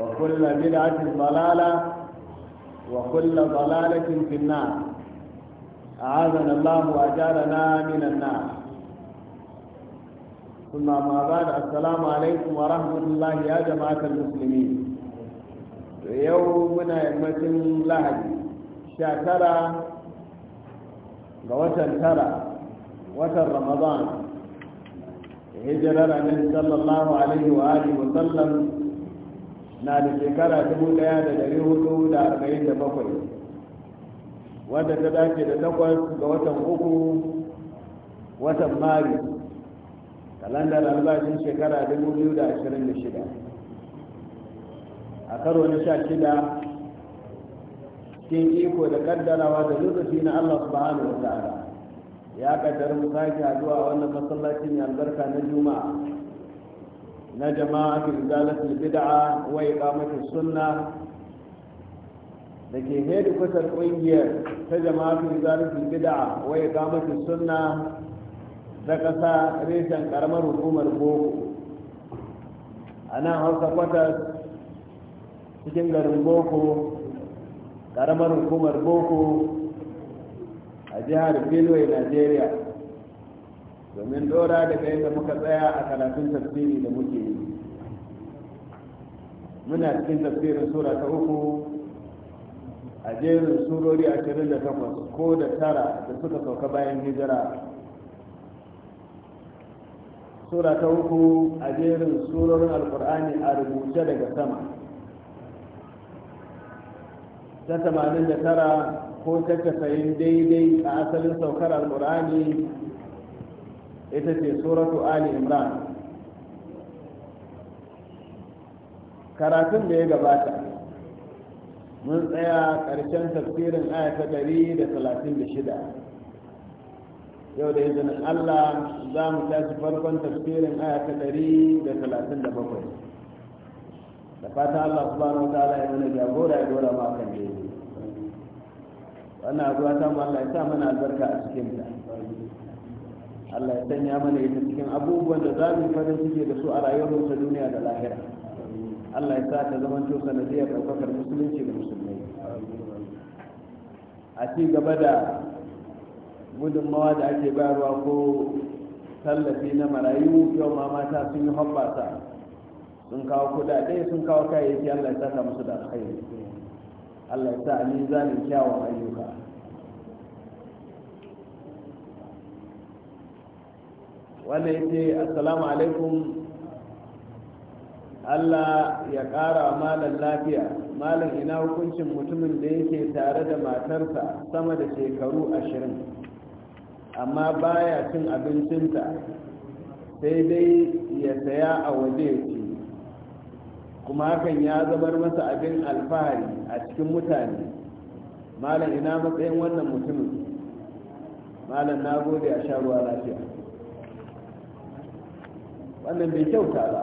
وكل بدعة ضلالة وكل ضلالة في النار أعاذنا الله وأجارنا من النار ثم ما بعد السلام عليكم ورحمة الله يا جماعة المسلمين يومنا يمتن لهج شاكرا وتر ترى وتر رمضان hijirar annabi sallallahu alaihi wa alihi wa sallam na da shekara dubu ɗaya da ɗari hudu da arba'in da bakwai wadda ta dace da takwas ga watan uku watan mari kalandar albashin shekara dubu biyu da ashirin da shida a karo na sha shida cin iko da kaddarawa da lokaci na Allah subhanahu wa ta'ala ya kaddara mu sake zuwa wannan masallacin albarka na juma'a na jama'a jama'atul izalatul bid'a wa iqamatus sunna da ke kusa ƙungiyar ta jama'a jama'atul izalatul bid'a wa iqamatus sunna ta kasa reshen karamar hukumar boko a nan hausa kwata cikin garin boko karamar hukumar boko a jihar benue nigeria domin dora daga yadda muka tsaya a karatun tafsiri da muke yi muna cikin tafsirin sura ta uku a jerin surori ashirin da takwas ko da tara da suka sauka bayan hijira sura ta uku a jerin surorin alkur'ani a rubuce daga sama ta tamanin da tara ko ta casa'in daidai a asalin saukar alkur'ani ita ce suratu ali imran karatun da ya gabata mun tsaya ƙarshen tafsirin ayata ɗari da talatin da shida yau da izinin allah za mu tashi farkon tafsirin ayata ɗari da talatin da bakwai da fata allah subhanahu wa ta'ala ya mana jagora ya dora ma kan jeji wannan abuwa ta mu allah ya sa mana albarka a cikinta Allah ya sanya mana ita cikin abubuwan da za mu farin ciki da su a rayuwar ta duniya da lahira Allah ya sa ta zama to sanadiyar ɗaukakar musulunci da musulmai a ci gaba da gudunmawa da ake bayarwa ko tallafi na marayu yau ma mata sun yi hoɓɓasa sun kawo kudade sun kawo kayayyaki Allah ya saka musu da alkhairi Allah ya sa a mizanin kyawun ayyuka ya ce, assalamu alaikum Allah ya ƙara malam lafiya malam ina hukuncin mutumin da yake tare da matarsa sama da shekaru ashirin amma baya cin abincinta sai dai ya saya a waje ce kuma hakan ya zabar masa abin alfahari a cikin mutane malam ina matsayin wannan mutumin malam na gode a sha ruwa lafiya wannan bai kyauta ba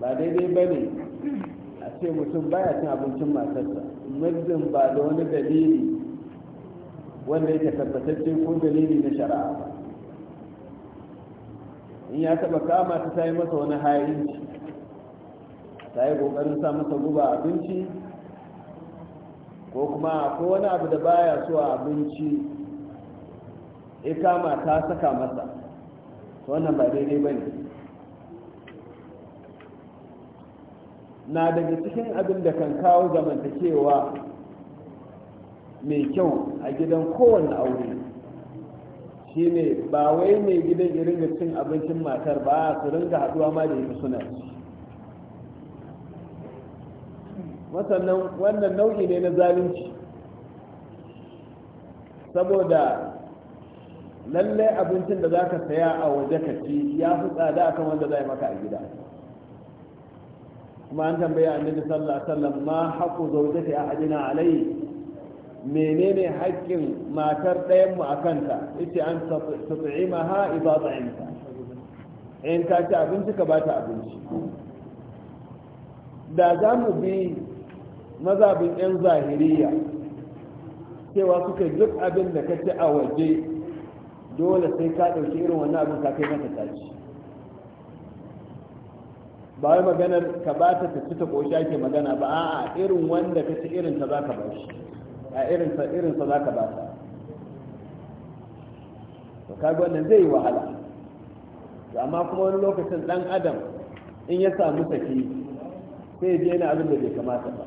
ba daidai ba ne a ce mutum baya cin abincin matarsa muddin ba da wani dalili wanda yake tabbatacce ko dalili na shari'a ba in ya taba kama ta ta yi masa wani hayanci ta yi kokarin sa masa guba abinci ko kuma ko wani abu da baya so a abinci ya kama ta saka masa wannan ba daidai ba ne na daga cikin abin da kan kawo zamantakewa mai kyau a gidan kowane aure shi ne ba wai mai gidan irin da cin abincin matar ba su ringa haɗuwa ma da ita suna ci wannan nau'i ne na zalunci saboda lallai abincin da za ka saya a waje ka ci ya fi tsada kan wanda za maka a gida kuma an tambaye annabi sallallahu alaihi wasallam ma haqqu zawjati ahadina alai menene haƙƙin matar ɗayan mu akan ta yace an tut'imaha idza ta'imta in ka ci abinci ka bata abinci da za mu bi mazabin yan zahiriya cewa suka duk abin da ka ci a waje dole sai ka ɗauki irin wannan abin ka kai mata tashi ba wai maganar ka ba ta tafi ta ƙoshi ake magana ba a'a irin wanda ka ci irin ta za ka ba shi a irin sa irin sa za ka ba ta to ga wannan zai yi wahala amma kuma wani lokacin dan adam in ya samu saki sai je na abin da bai kamata ba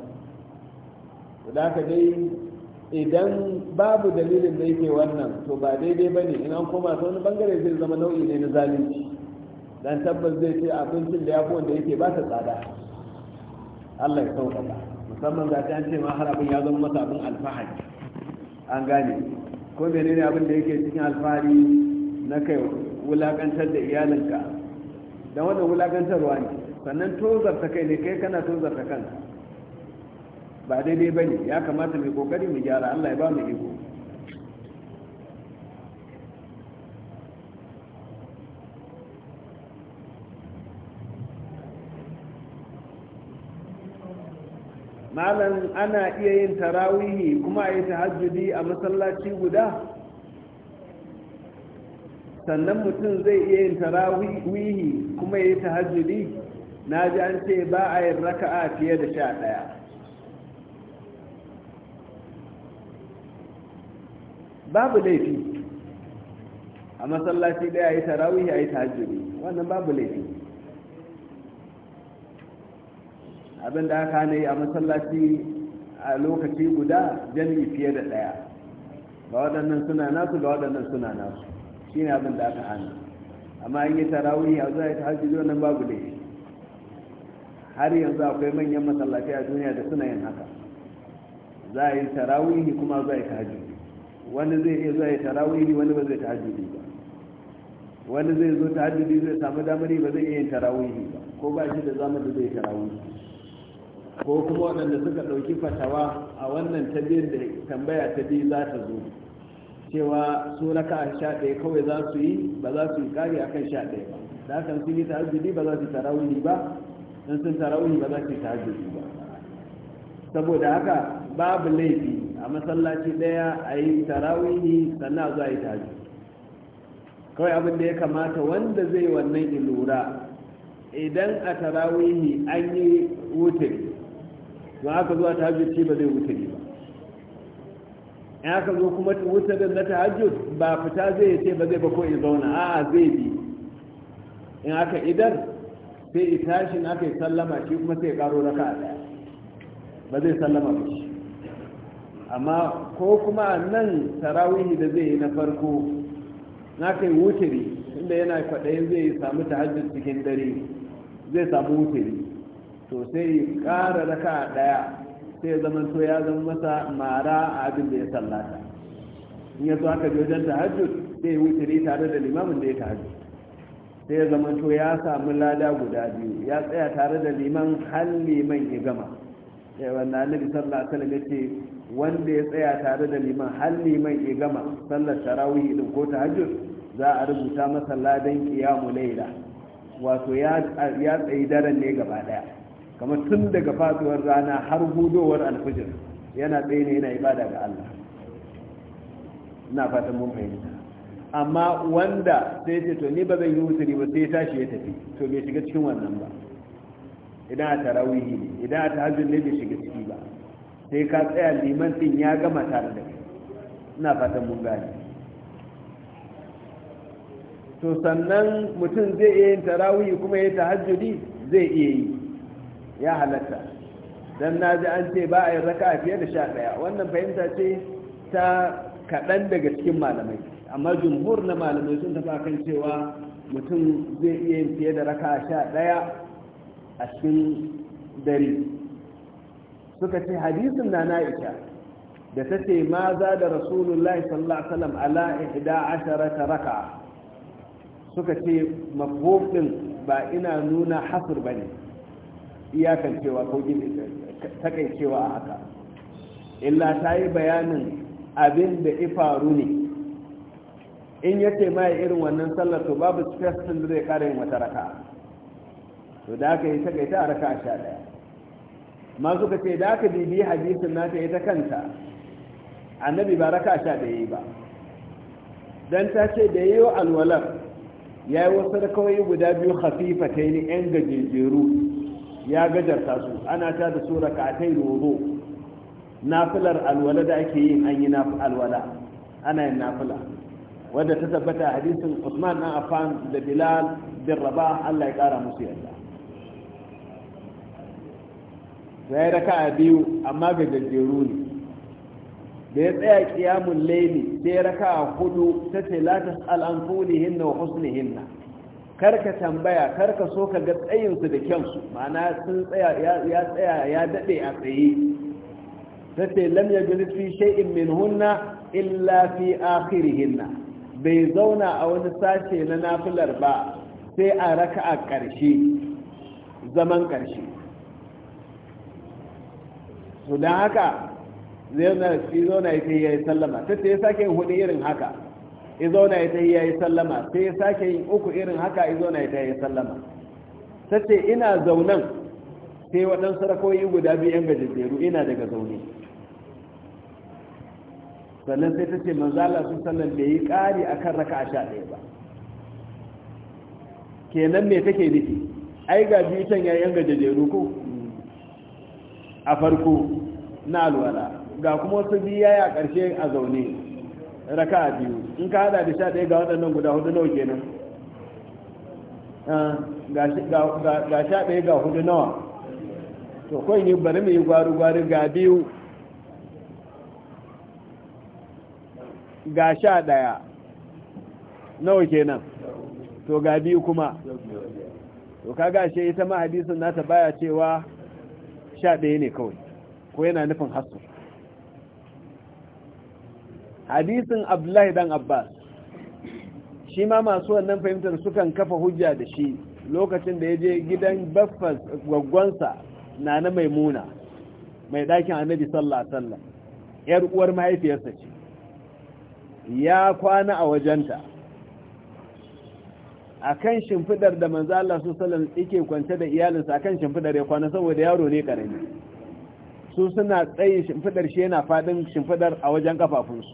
to da haka dai idan babu dalilin da yake wannan to ba daidai ba ne in kuma koma ta wani bangare zai zama nau'i ne na zalunci dan tabbas zai ce abincin da ya fi wanda yake ba ta tsada allah ya sauƙaƙa musamman ga an ce ma har abin ya zama masa abin alfahari an gane ko menene abin da yake cikin alfahari na kai wulakantar da iyalinka don wannan wulakantarwa ne sannan tozarta kai ne kai kana tozarta kanka ba daidai ba ne ya kamata mai kokari mu gyara allah ya ba mu iko malam ana iya yin tarawihi kuma a yi tahajjudi a masallaci guda sannan mutum zai iya yin tarawihi kuma ya yi tahajjudi na ji an ce ba a yin raka'a fiye da sha ɗaya babu laifi a masallaci daya yi tarawihi, ya yi tajiri wannan babu laifi abinda aka ne a masallaci a lokaci guda jami'i fiye da daya ga waɗannan suna nasu ga waɗannan suna nasu shi ne abin da aka hana amma an yi tarawihi a zuwa ya wannan babu laifi har yanzu akwai manyan masallaci a duniya da suna yin haka za a yi tarawihi kuma za a yi tahajjudi wani zai iya zuwa ya ne wani ba zai tahajjudi ba wani zai zo tahajjudi zai samu damar ba zai iya yin ba ko ba shi da zamar da zai tarawihi ko kuma waɗanda suka ɗauki fatawa a wannan tabiyar da tambaya ta biyu za ta zo cewa su raka sha ɗaya kawai za su yi ba za su yi ƙari akan sha ɗaya ba da hakan sun yi tahajjudi ba za su tarawihi ba in sun tarawihi ba za su yi tahajjudi ba saboda haka babu laifi a masallaci daya a yi tarawihi sannan a zuwa yi taji kawai abin da ya kamata wanda zai wannan ilura idan a tarawihi an yi wutari to aka zuwa tahajjud shi ba zai wutari ba in aka zo kuma wutarin na tahajjud ba fita zai ce ba zai ba ko in zauna a'a zai bi in aka idan sai i tashi na kai sallama shi kuma sai ya karo raka a daya ba zai sallama ba shi amma ko kuma nan tarawihi da zai yi na farko na kai wuturi inda yana kwaɗayin zai samu tahajjud cikin dare zai samu wuturi to sai ƙara raka ɗaya sai ya zama to ya zama masa mara a abin da ya sallata in ya zo aka wajen tahajjud sai ya tare da limamin da ya tahajjud sai ya zama to ya samu lada guda biyu ya tsaya tare da liman har liman ya gama sai eh, na nabi sallallahu alaihi wasallam yace wanda ya tsaya tare da liman har liman ya gama sallar tarawih din ko tahajjud za a rubuta masa ladan qiyamu layla wato ya ya tsayi daren ne gaba daya kamar tun daga fatuwar rana har hudowar alfijir yana tsaye ne yana ibada ga Allah ina fatan mun fahimta amma wanda sai ce to ni ba zan yi wuturi ba sai tashi ya tafi to bai shiga cikin wannan ba idan a tarawihi ne idan a tahajjud ne bai shiga ciki ba sai ka tsaya liman din ya gama tare da ina fatan mun gane to sannan mutum zai iya yin tarawih kuma ya tahajjudi zai iya yi ya halatta dan na ji an ce ba a yi raka fiye da sha ɗaya wannan fahimta ce ta kaɗan daga cikin malamai amma jumhur na malamai sun tafi kan cewa mutum zai iya yin fiye da raka sha ɗaya a cikin dare suka ce hadisin na na'ika da ta ce ma za da rasulullahi sallallahu alaihi wasallam ala ihda ashara raka suka ce mafhofin ba ina nuna hasr bane iyakan cewa ko takaicewa a haka illa ta yi bayanin abin da ifaru ne in ya ce mai irin wannan sallar to babu stress da zai kare wata raka to da aka yi takaita a raka sha daya ma suka ce da aka bibi hadisin nata ita kanta annabi ba raka sha ɗaya ba dan ta ce da yayo alwalar ya yi wasu kawai guda biyu hafifa ta yi yan gajejeru ya gajarta su ana ta da su rakatai roro nafilar alwala da ake yin an yi alwala ana yin nafila wadda ta tabbata hadisin usman dan affan da bilal bin rabah allah ya kara musu yadda to ya raka a biyu amma ga gajjeru ne da ya tsaya kiyamun laili sai raka a hudu ta ce latas tas'al hinna wa wa hinna karka tambaya karka so ka ga tsayinsu da kyansu ma'ana sun ya tsaya ya daɗe a tsaye ta ce lam yajlis fi shay'in hunna illa fi akhirihinna bai zauna a wani sashe na nafilar ba sai a raka a ƙarshe zaman ƙarshe su don haka zai zauna ya yi ya sallama sai ya sake yin hudu irin haka ya zauna ya yi ya sallama sai ya sake yin uku irin haka ya zauna ya yi ya sallama sai ce ina zaunan sai waɗansu rakoyi guda biyu yan gajejjeru ina daga zaune sannan sai ta ce manzala sun sallan bai yi ƙari a kan raka a sha ɗaya ba kenan me take nufi ai ga biyu can yayin gajejeru ko a farko na alwala ga kuma wasu biya ya karshe a zaune raka a biyu in ka hada da sha ɗaya ga waɗannan guda hudu nawa kenan ah, ga sha ɗaya ga hudu nawa to kawai yi bari mu yi gwari-gwari ga biyu ga sha ɗaya nawa kenan to ga biyu kuma to kaga shi ita ma hadisin nata baya cewa sha ɗaya ne kawai ko yana nufin hasu hadisin abdullahi dan abbas shi ma masu wannan fahimtar sukan kafa hujja da shi lokacin da ya je gidan baffas gwaggwansa na na maimuna mai ɗakin annabi sallah sallah ‘yar uwar mahaifiyarsa ce ya kwana a wajenta akan shimfidar da manzo Allah su sallam yake kwance da iyalinsa akan shimfidar ya kwana saboda yaro ne karami su suna tsaye shimfidar shi yana fadin shimfidar a wajen kafafunsu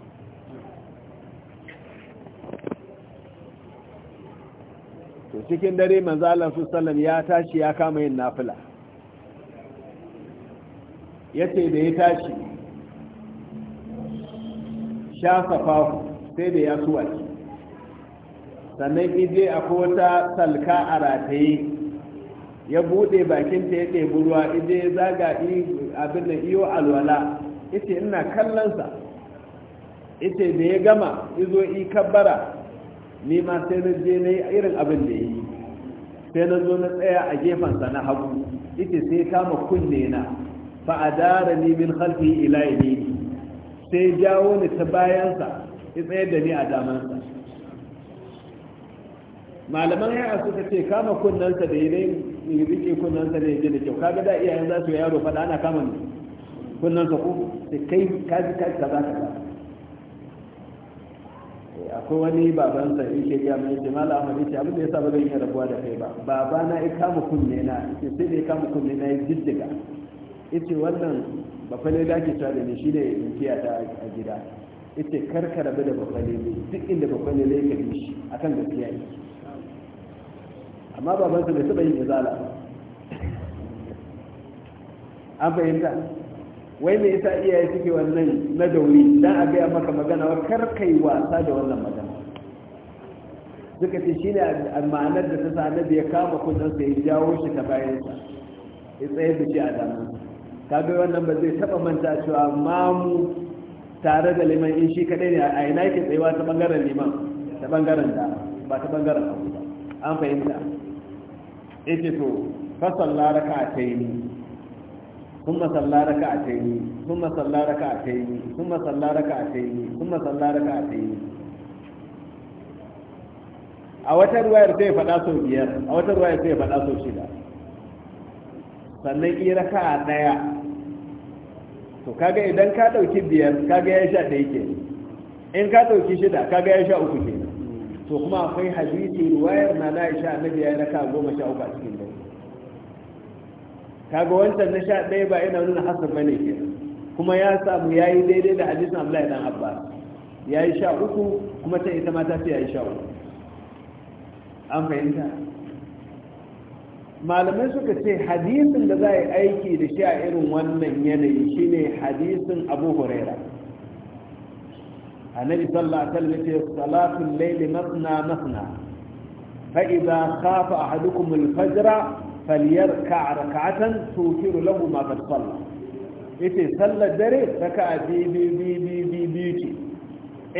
to cikin dare manzo Allah su sallam ya tashi ya kama yin nafila yace da ya tashi shafa fafu sai da ya suwaci sannan ije a wata salka a rataye ya bude ta ya ɗebi ruwa ije ya zaga abin da iyo alwala ita ina kallonsa ita da ya gama izo i kabbara ni ma sai na je na yi irin abin da ya yi sai na zo na tsaya a gefen sa na hagu ita sai kama kunne na a dara ni min halfi ila yamini sai jawo ni ta bayansa ya tsayar da ni a damansa malaman haya suka ce kama kunnansa da yi rike kunnansa ne yake da kyau kaga da iyayen za su yaro faɗa ana kama ne kunnansa ko da kai kaji kaji ka za ba eh, akwai wani babansa yake ya mai ce mala amari ce abin da ya ba zan iya rabuwa da kai ba baba na ya kama kunne na ya sai da ya kama kunne na ya jiddiga yace wannan bafale da ke cewa da shi ne ya ta a gida yace karka rabu da bafale duk inda bafale ne ka bi shi akan gaskiya yake amma babansa bai taba yin izala an fahimta wai me yasa iyaye suke wannan na dauri dan a gaya maka magana wa kar kai wasa da wannan magana duka ce shi ne ma'anar da ta sa da ya kama kudinsa ya jawo shi ta sa ya tsaye da shi a damu kaga wannan ba zai taba manta cewa mamu tare da liman in shi kaɗai ne a ina ke tsayuwa ta ɓangaren liman ta ɓangaren da ba ta ɓangaren abu ba an fahimta yake to fa salla raka'ataini a salla raka'ataini thumma salla raka'ataini kuma salla raka'ataini thumma salla raka'ataini a wata ruwayar sai faɗa sau biyar a wata ruwayar sai faɗa sau shida sannan iya a ɗaya to kaga idan ka ɗauki biyar kaga ya sha ɗaya ke in ka ɗauki shida kaga ya sha uku ke to kuma akwai hadisi ruwayar na na isha annabi ya raka goma sha uku a cikin dare kaga wancan na sha ɗaya ba yana nuna hasan bane ke kuma ya samu ya yi daidai da hadisin abdullahi dan abbas ya yi sha uku kuma ta ita mata ta ce ya yi sha uku an fahimta malamai suka ce hadisin da za a yi aiki da shi a irin wannan yanayi shine hadisin abu huraira annabi sallallahu alaihi wasallam yace salatul layli masna masna fa idza khafa ahadukum al-fajr falyarka rak'atan tukiru lahu ma qad salla yace sallar dare raka'a bi bi bi bi bi ce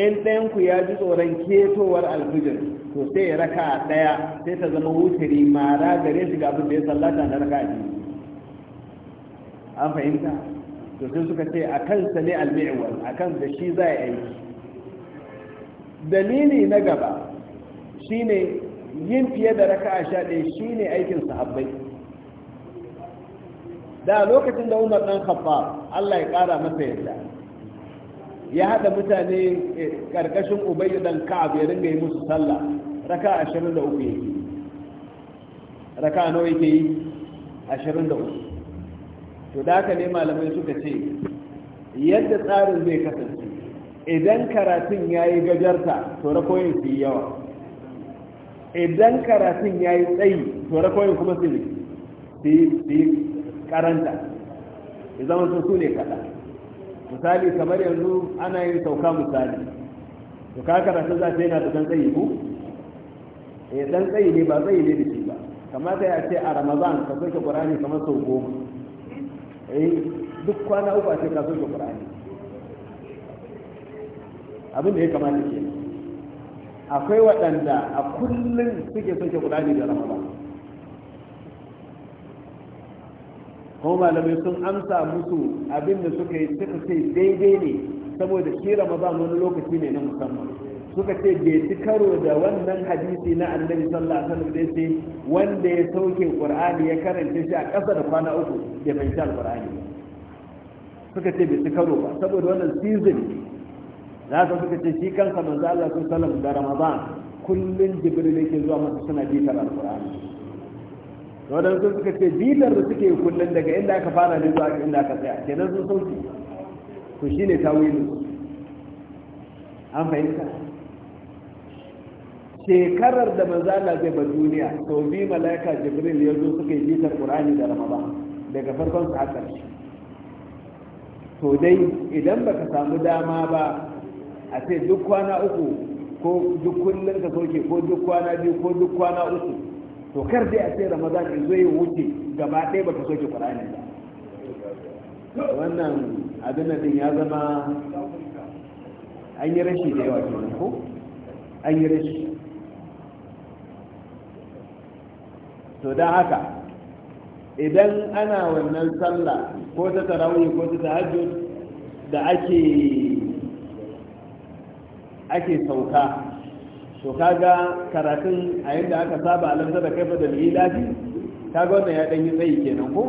in ɗayan ku ya ji tsoron ketowar alfijir to sai ya raka ɗaya sai ta zama wutari mara gare shi ga abin da ya sallata na raka biyu an fahimta to sai suka ce a kansa ne almi'wal a kan da shi za a aiki dalili na gaba shine yin fiye da a sha ɗaya shine aikin sahabbai da lokacin da umar ɗan khattab Allah ya ƙara masa yadda ya haɗa mutane eh, ƙarƙashin ubayyu dan ka'ab ya ringa yi musu sallah raka'a 23 yake Raka nawa yake yi uku? to da haka ne malamai suka ce yadda tsarin zai kasance idan karatun ya yi gajarta to rakoyin su yi yawa idan karatun ya yi tsayi to rakoyin kuma su yi karanta ya zama sun su ne kaɗa misali kamar yanzu ana yin sauka misali to ka karatun za ta yana da ɗan tsayi ku ya eh, ɗan tsayi ne ba tsayi ne da shi ba kamata ya ce a ramazan ka soke ƙurani kamar sau goma eh, duk kwana uku a ce ka soke ƙurani abin da ya kamata ke akwai waɗanda a kullum suke soke kudani da ramadan kuma malamai sun amsa musu abin da suka yi suka ce daidai ne saboda shi ramadan wani lokaci ne na musamman suka ce bai ci karo da wannan hadisi na annabi sallallahu alaihi wasallam da wanda ya sauke qur'ani ya karanta shi a ƙasa da kwana uku bai fahimci alqur'ani suka ce bai ci karo ba saboda wannan season da haka suka ce shi kansa manzo Allah sun salam da ramadan kullun jibril yake zuwa masa suna bitar alqur'ani sun suka ce bitar da suke kullun daga inda aka fara ne zuwa inda aka tsaya kenan sun sauki to shine tawilu an fahimta shekarar da manzo Allah zai ba duniya to bi malaika jibril ya zo suka yi bitar qur'ani da ramadan daga farkon su har to dai idan baka samu dama ba a ce duk kwana uku ko duk kullum ka soke ko duk kwana biyu ko duk kwana uku to kar dai a ce ramadan in zai wuce gaba ɗaya ba baka soke kur'ani ba wannan abin da din ya zama an yi rashi da yawa kenan ko an yi rashi to don haka idan ana wannan sallah ko ta tarawih ko ta tahajjud da ake ake sauka to kaga karatun a yadda aka saba a lantar da kaifa da lilafi kaga wannan ya ɗanyi tsayi kenan ko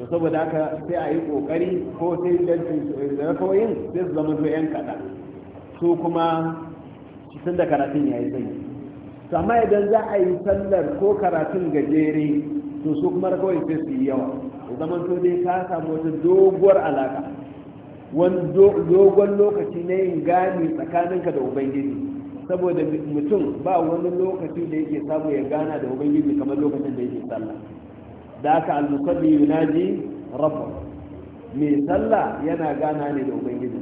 to saboda haka sai a yi ƙoƙari ko sai kawayin sai su zama zuwa 'yan kaɗa su kuma tun da karatun ya yi tsayi to amma idan za a yi sallar ko karatun gajere to su kuma kawai sai su yi yawa zaman to dai ka samu wata doguwar alaka wani dogon lokaci na yin gani tsakaninka da ubangiji saboda mutum ba wani lokaci da yake samu ya gana da ubangiji kamar lokacin da yake sallah da aka al yunaji rabba mai sallah yana gana ne da ubangiji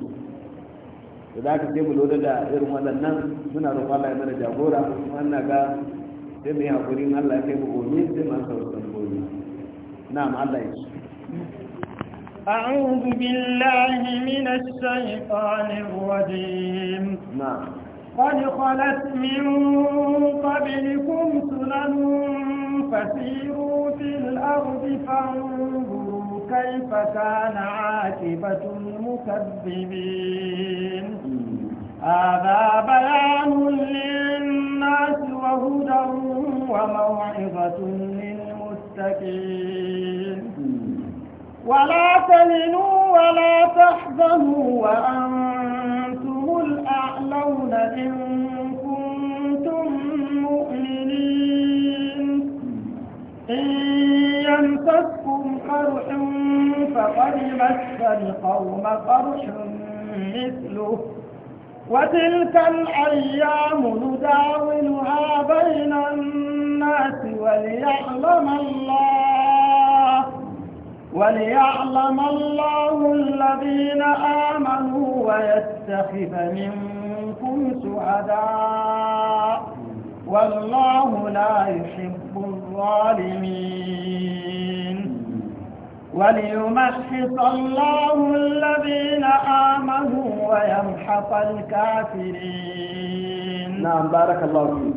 da za ka sai mu lura da irin waɗannan suna roƙon Allah ya mana jagora wannan ga sai mu yi haƙurin Allah ya kai mu gobe sai mu an sauran na'am Allah ya ci أعوذ بالله من الشيطان الرجيم نعم قد خلت من قبلكم سنن فسيروا في الأرض فانظروا كيف كان عاقبة المكذبين هذا بيان للناس وهدى وموعظة للمتقين ولا تلنوا ولا تحزنوا وأنتم الأعلون إن كنتم مؤمنين إن يمسكم قرح فقد مس القوم قرح مثله وتلك الأيام نداولها بين الناس وليعلم الله وليعلم الله الذين آمنوا ويتخذ منكم شهداء والله لا يحب الظالمين وليمحص الله الذين آمنوا ويمحق الكافرين نعم بارك الله فيك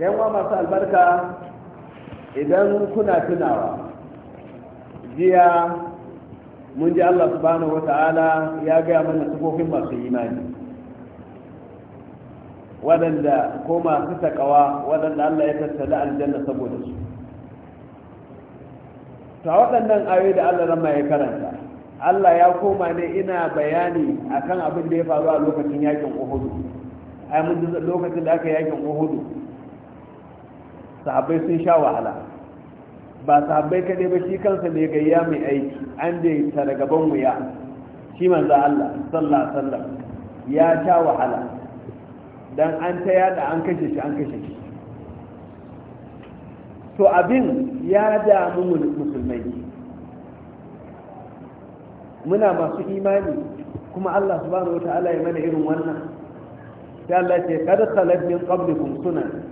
يوم مساء البركة إذا كنا تناوى jiya mun ji Allah subhanahu wata'ala ya gaya mana sufofin masu imani waɗanda ko masu taƙawa waɗanda Allah ya tattala aljanna saboda su ta waɗannan ayoyi da Allah rama ya karanta Allah ya koma ne ina bayani akan abin da ya faru a lokacin yakin Uhud ai mun lokacin da aka yakin Uhud sahabbai sun sha wahala ba sahabbai kaɗai ba shi kansa ne gayya mai aiki an da ta daga ban wuya shi manzo Allah sallallahu alaihi wasallam ya sha wahala dan an ta yada an kashe shi an kashe shi to abin ya damu musulmai muna masu imani kuma Allah subhanahu wata'ala ya mana irin wannan sai Allah ce kada salat min qablikum sunan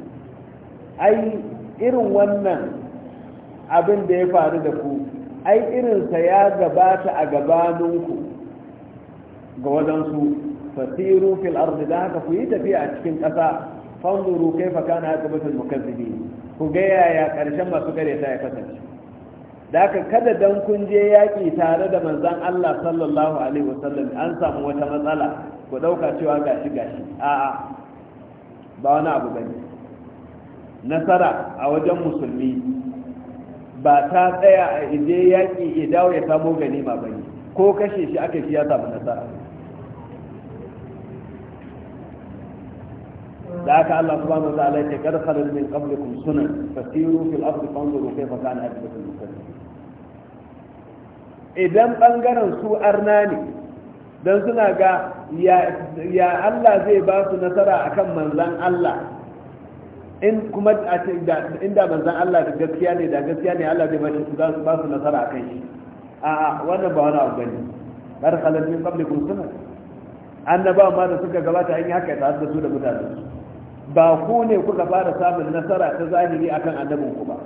ai irin wannan abin da ya faru da ku ai irinsa ya gabata a gabaninku ga wadansu fasiru fil ardi da haka ku yi tafiya a cikin ƙasa fanzuru kaifa kana aqibatul mukazzibi ku ga yaya ƙarshen masu gare ta ya kasance da haka kada dan kun je yaƙi tare da manzon Allah sallallahu alaihi wasallam an samu wata matsala ku ɗauka cewa gashi gashi a'a ba wani abu bane nasara a wajen musulmi ba ta tsaya a ije yaƙi ya dawo ya samo ma ba ne ko kashe shi aka shi ya samu nasara da aka Allah subhanahu wa ta'ala ya ce kada min qablikum sunan fasiru fil ardi fanzuru kayfa kana aqibatul mukadzibin idan bangaren su arna ne dan suna ga ya Allah zai ba su nasara akan manzon Allah in kuma a ce inda manzan Allah da gaskiya ne da gaskiya ne Allah zai bashi su za su ba su nasara kai shi a'a wannan ba wani abu bane bar khalal min qablikum sunnah annaba ma da suka gabata an yi haka ta da su da mutane ba ku ne kuka fara samun nasara ta zahiri akan annabin ku ba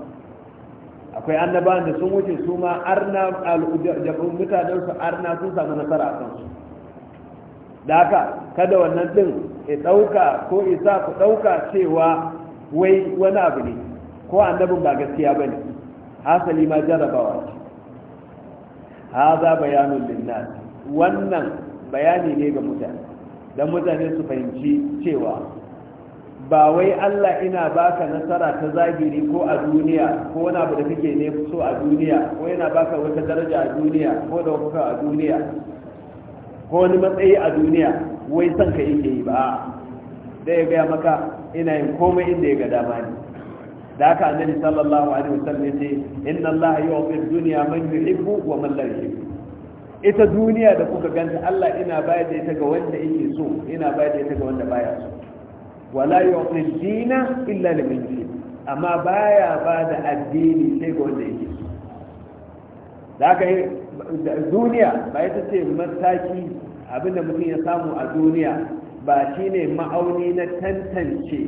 akwai annabawan da sun wuce su ma arna al'ujabun mutanen su arna sun samu nasara a kan su da haka kada wannan din ya dauka ko isa ku dauka cewa wai wani abu ne ko annabin ba gaskiya ba ne hasali ma jarabawa ce haza bayanin linnas wannan bayani ne ga mutane don mutane su fahimci cewa ba wai Allah ina baka nasara ta zagiri ko a duniya ko wani abu da kake ne so a duniya ko yana baka wata daraja a duniya ko da kuka a duniya ko wani matsayi a duniya wai son ka yake yi ba da ya gaya maka ina yin komai inda ya ga dama ne da haka annabi sallallahu alaihi wasallam yace inna allaha yu'ti ad-dunya man yuhibbu wa man la yuhibbu ita duniya da kuka ganta Allah ina bayar da ita ga wanda yake so ina bayar da ita ga wanda baya so wala yu'ti ad-dina illa liman yuhib amma baya ba da addini sai ga wanda yake so da haka duniya ba ita ce mataki abinda mutum ya samu a duniya ba shi ne ma'auni na tantance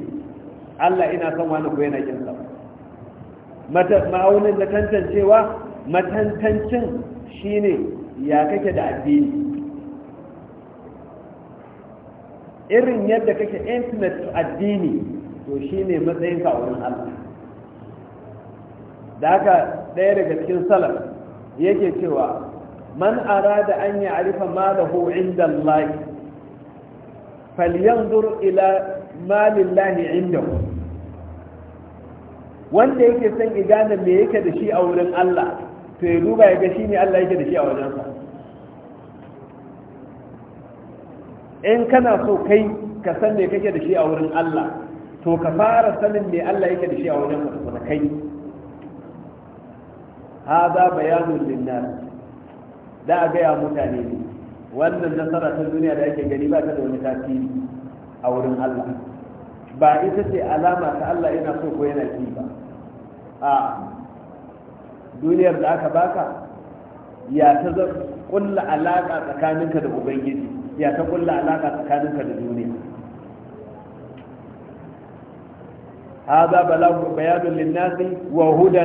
Allah ina son wani ko yana kin ma'aunin na tantancewa matantancin shi ne ya kake da addini irin yadda kake intimate to addini to shi ne matsayinka a wurin Allah da haka ɗaya daga cikin salaf yake cewa man arada an yi arifa ma da hu inda Allah falyanzur ila malillahi indahu wanda yake son igana me yake da shi a wurin Allah to ya duba ya ga shi ne Allah yake da shi a wajensa in kana so kai ka san me kake da shi a wurin Allah to ka fara sanin me Allah yake da shi a wajen da kai hada bayanun linnas da a gaya mutane ne wannan nasara ta duniya da ake gani ba ta da wani tasiri a wurin Allah ba ita ce alama ta Allah yana so ko yana ci ba a duniyar da aka baka ya ta kulla alaka tsakaninka da ubangiji ya ta kulla alaka tsakaninka da duniya هذا بلاغ بيان للناس وهدى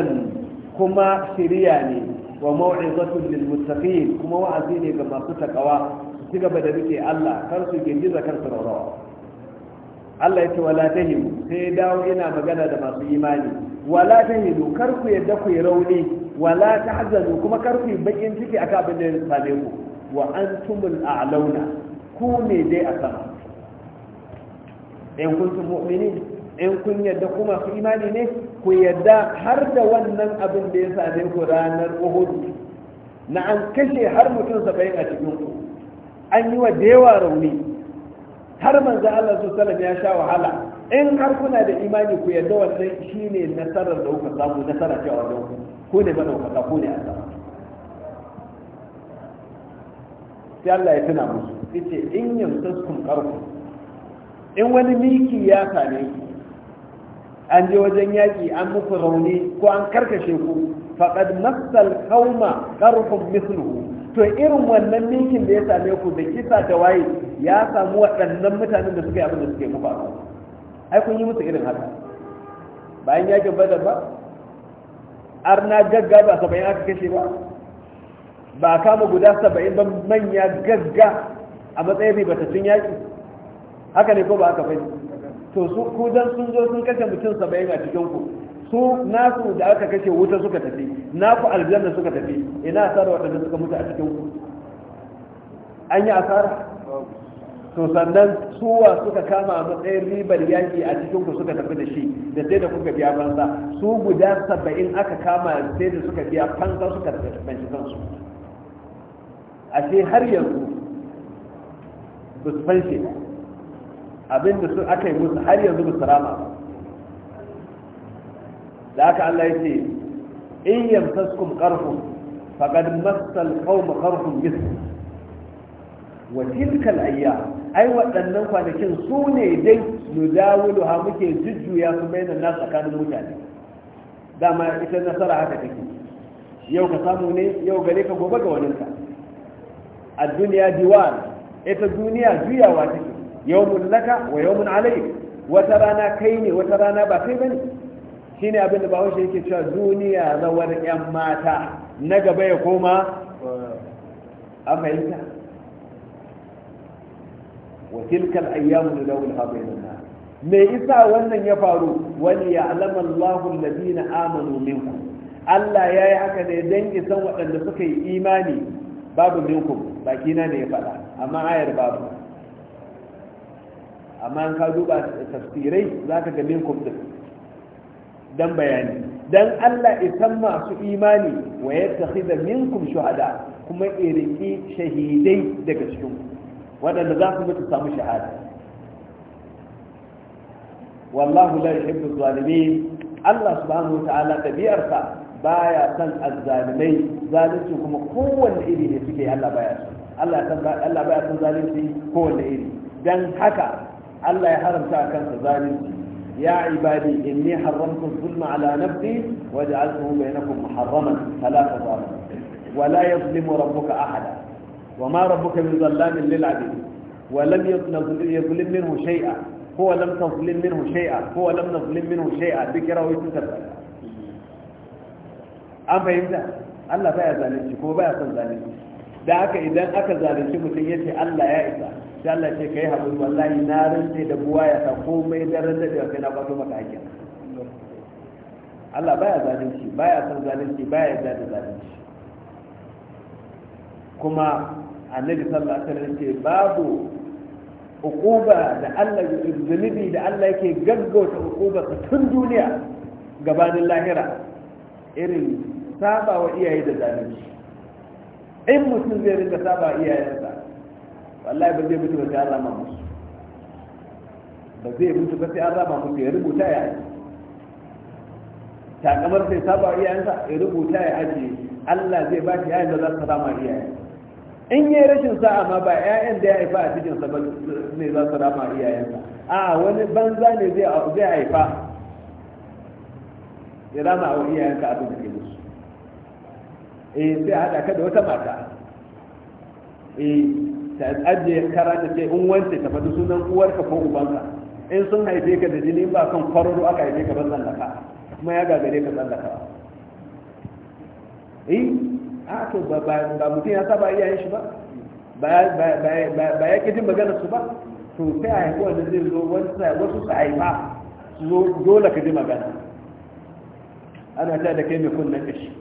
kuma shiriya ne wa mau'izatun lil muttaqin kuma wa'azi ne ga masu takawa su ci gaba da rike Allah kar su girgiza zakar su rawa Allah yace wala tahimu sai dawo ina magana da masu imani wala tahimu kar ku yadda ku rauni wala tahzanu kuma kar ku bakin ciki akan abin da ya same ku wa antumul a'launa ku ne dai a sama in kuntum mu'minin in kun yadda ku masu imani ne ku yadda har da wannan abin da ya same ku ranar uhud na an kashe har mutum saba'in a cikin ku an yi wa da yawa rauni har manzo Allah su salam ya sha wahala in har kuna da imani ku yadda wannan shine nasarar da kuka samu nasara ce a wajen ku ko ne madaukaka ko ne a sai Allah ya tuna musu yace in yamsaskum in wani miki ya same ku an je wajen yaƙi an muku rauni ko an karkashe ku faƙad masal kauma ƙarfin misluhu to irin wannan minkin da ya same ku da kisa da waye ya samu waɗannan mutanen da suka yi abin da suke muku a ai kun yi musu irin haka bayan yakin badar ba arna gagga ba saba'in aka kashe ba ba kama guda saba'in ba manya gagga a matsayin ribatattun yaƙi haka ne ko ba aka fahimta to su ku dan sun zo sun kashe mutum saba'in a cikin ku su nasu da aka kashe wuta suka tafi naku aljanna suka tafi ina asara wadanda suka mutu a cikin ku an yi asara to sannan suwa suka kama a matsayin ribar yaki a cikin ku suka tafi da shi da sai da kuka biya fansa su guda saba'in aka kama sai da suka biya fansa suka tafi kansu ashe har yanzu ba su fanshe ba abinda sun aka yi musu har yanzu musu rama da aka Allah ya ce in yamsaskum qarhum faqad massal qawm qarhum mithlu wa tilkal Ayya, ai waɗannan kwanakin su ne dai yudawilu ha muke jujjuya su mai da nasu tsakanin mutane dama ita nasara haka take yau ka samu ne yau gare ka gobe ga waninka a duniya diwan ita duniya juyawa take yawmun laka wa yawmun alayk wata rana kai ne wata rana ba kai bane shine abin da bahaushe yake cewa duniya zawar yan mata na gaba ya koma a fahimta wa tilkal ayyamu nudawilha bainan me isa wannan ya faru wani ya alama Allahu alladhina amanu minkum Allah ya yi haka ne don isan waɗanda suka yi imani babu minkum baki na ne ya faɗa amma ayar babu amma ka duba tafsirai za ka ga minkum din dan bayani dan Allah isan masu imani wa yattakhidha minkum shuhada kuma iriki shahidai daga cikin waɗanda za su mutu samu shahada wallahu la yuhibbu zalimin Allah subhanahu wa ta'ala tabi'arsa baya san azzalimai zalunci kuma kowanne iri ne suke Allah baya san Allah san Allah baya san zalunci kowanne iri dan haka الله يحرمك كنت ظالم يا عبادي إني حرمت الظلم على نفسي وجعلته بينكم محرما فلا تظالم ولا يظلم ربك أحدا وما ربك من ظلام للعبيد ولم يظلم منه شيئا هو لم تظلم منه شيئا هو لم نظلم منه شيئا ذكره يتسبب أما إذا الله بقى ذلك هو بقى ذلك دعك إذا أكذا ذلك مثل يتي الله يا إسان sai Allah ce kai haɗu, wallahi na rantse da buwa ya sa komai daren da ya kai na kwato maka hakkin Allah baya zalunci baya son zalunci baya yarda da zalunci kuma annabi sallallahu alaihi wasallam ce babu uquba da Allah zunubi da Allah yake gaggauta uquba tun duniya gabanin lahira irin saba wa iyaye da zalunci in mutum zai rinka saba iyayen wallahi ba zai mutu ba sai an rama musu ba zai mutu ba sai an rama musu ya rubuta ya aji ta kamar sai saba iyayensa ya rubuta ya aji Allah zai ba shi yayin da za su rama iyayen in yi rashin sa'a ma ba 'ya'yan da ya haifa a cikin sa ne za su rama iyayensa a wani banza ne zai haifa ya rama a iyayenka abin da ke musu eh sai haɗa ka da wata mata eh ta ajiye kara ta ce in wance ta faɗi sunan uwarka ko ubanka in sun haife ka da jini ba kan kwararo aka haife ka ban zallaka kuma ya gagare ka zallaka. eh a to ba mutum ya saba iyayen shi ba ba ya ƙi jin magana su ba to sai a haifi wanda zai zo wasu su haifa dole ka ji magana ana ta da kai mai kunnen kashi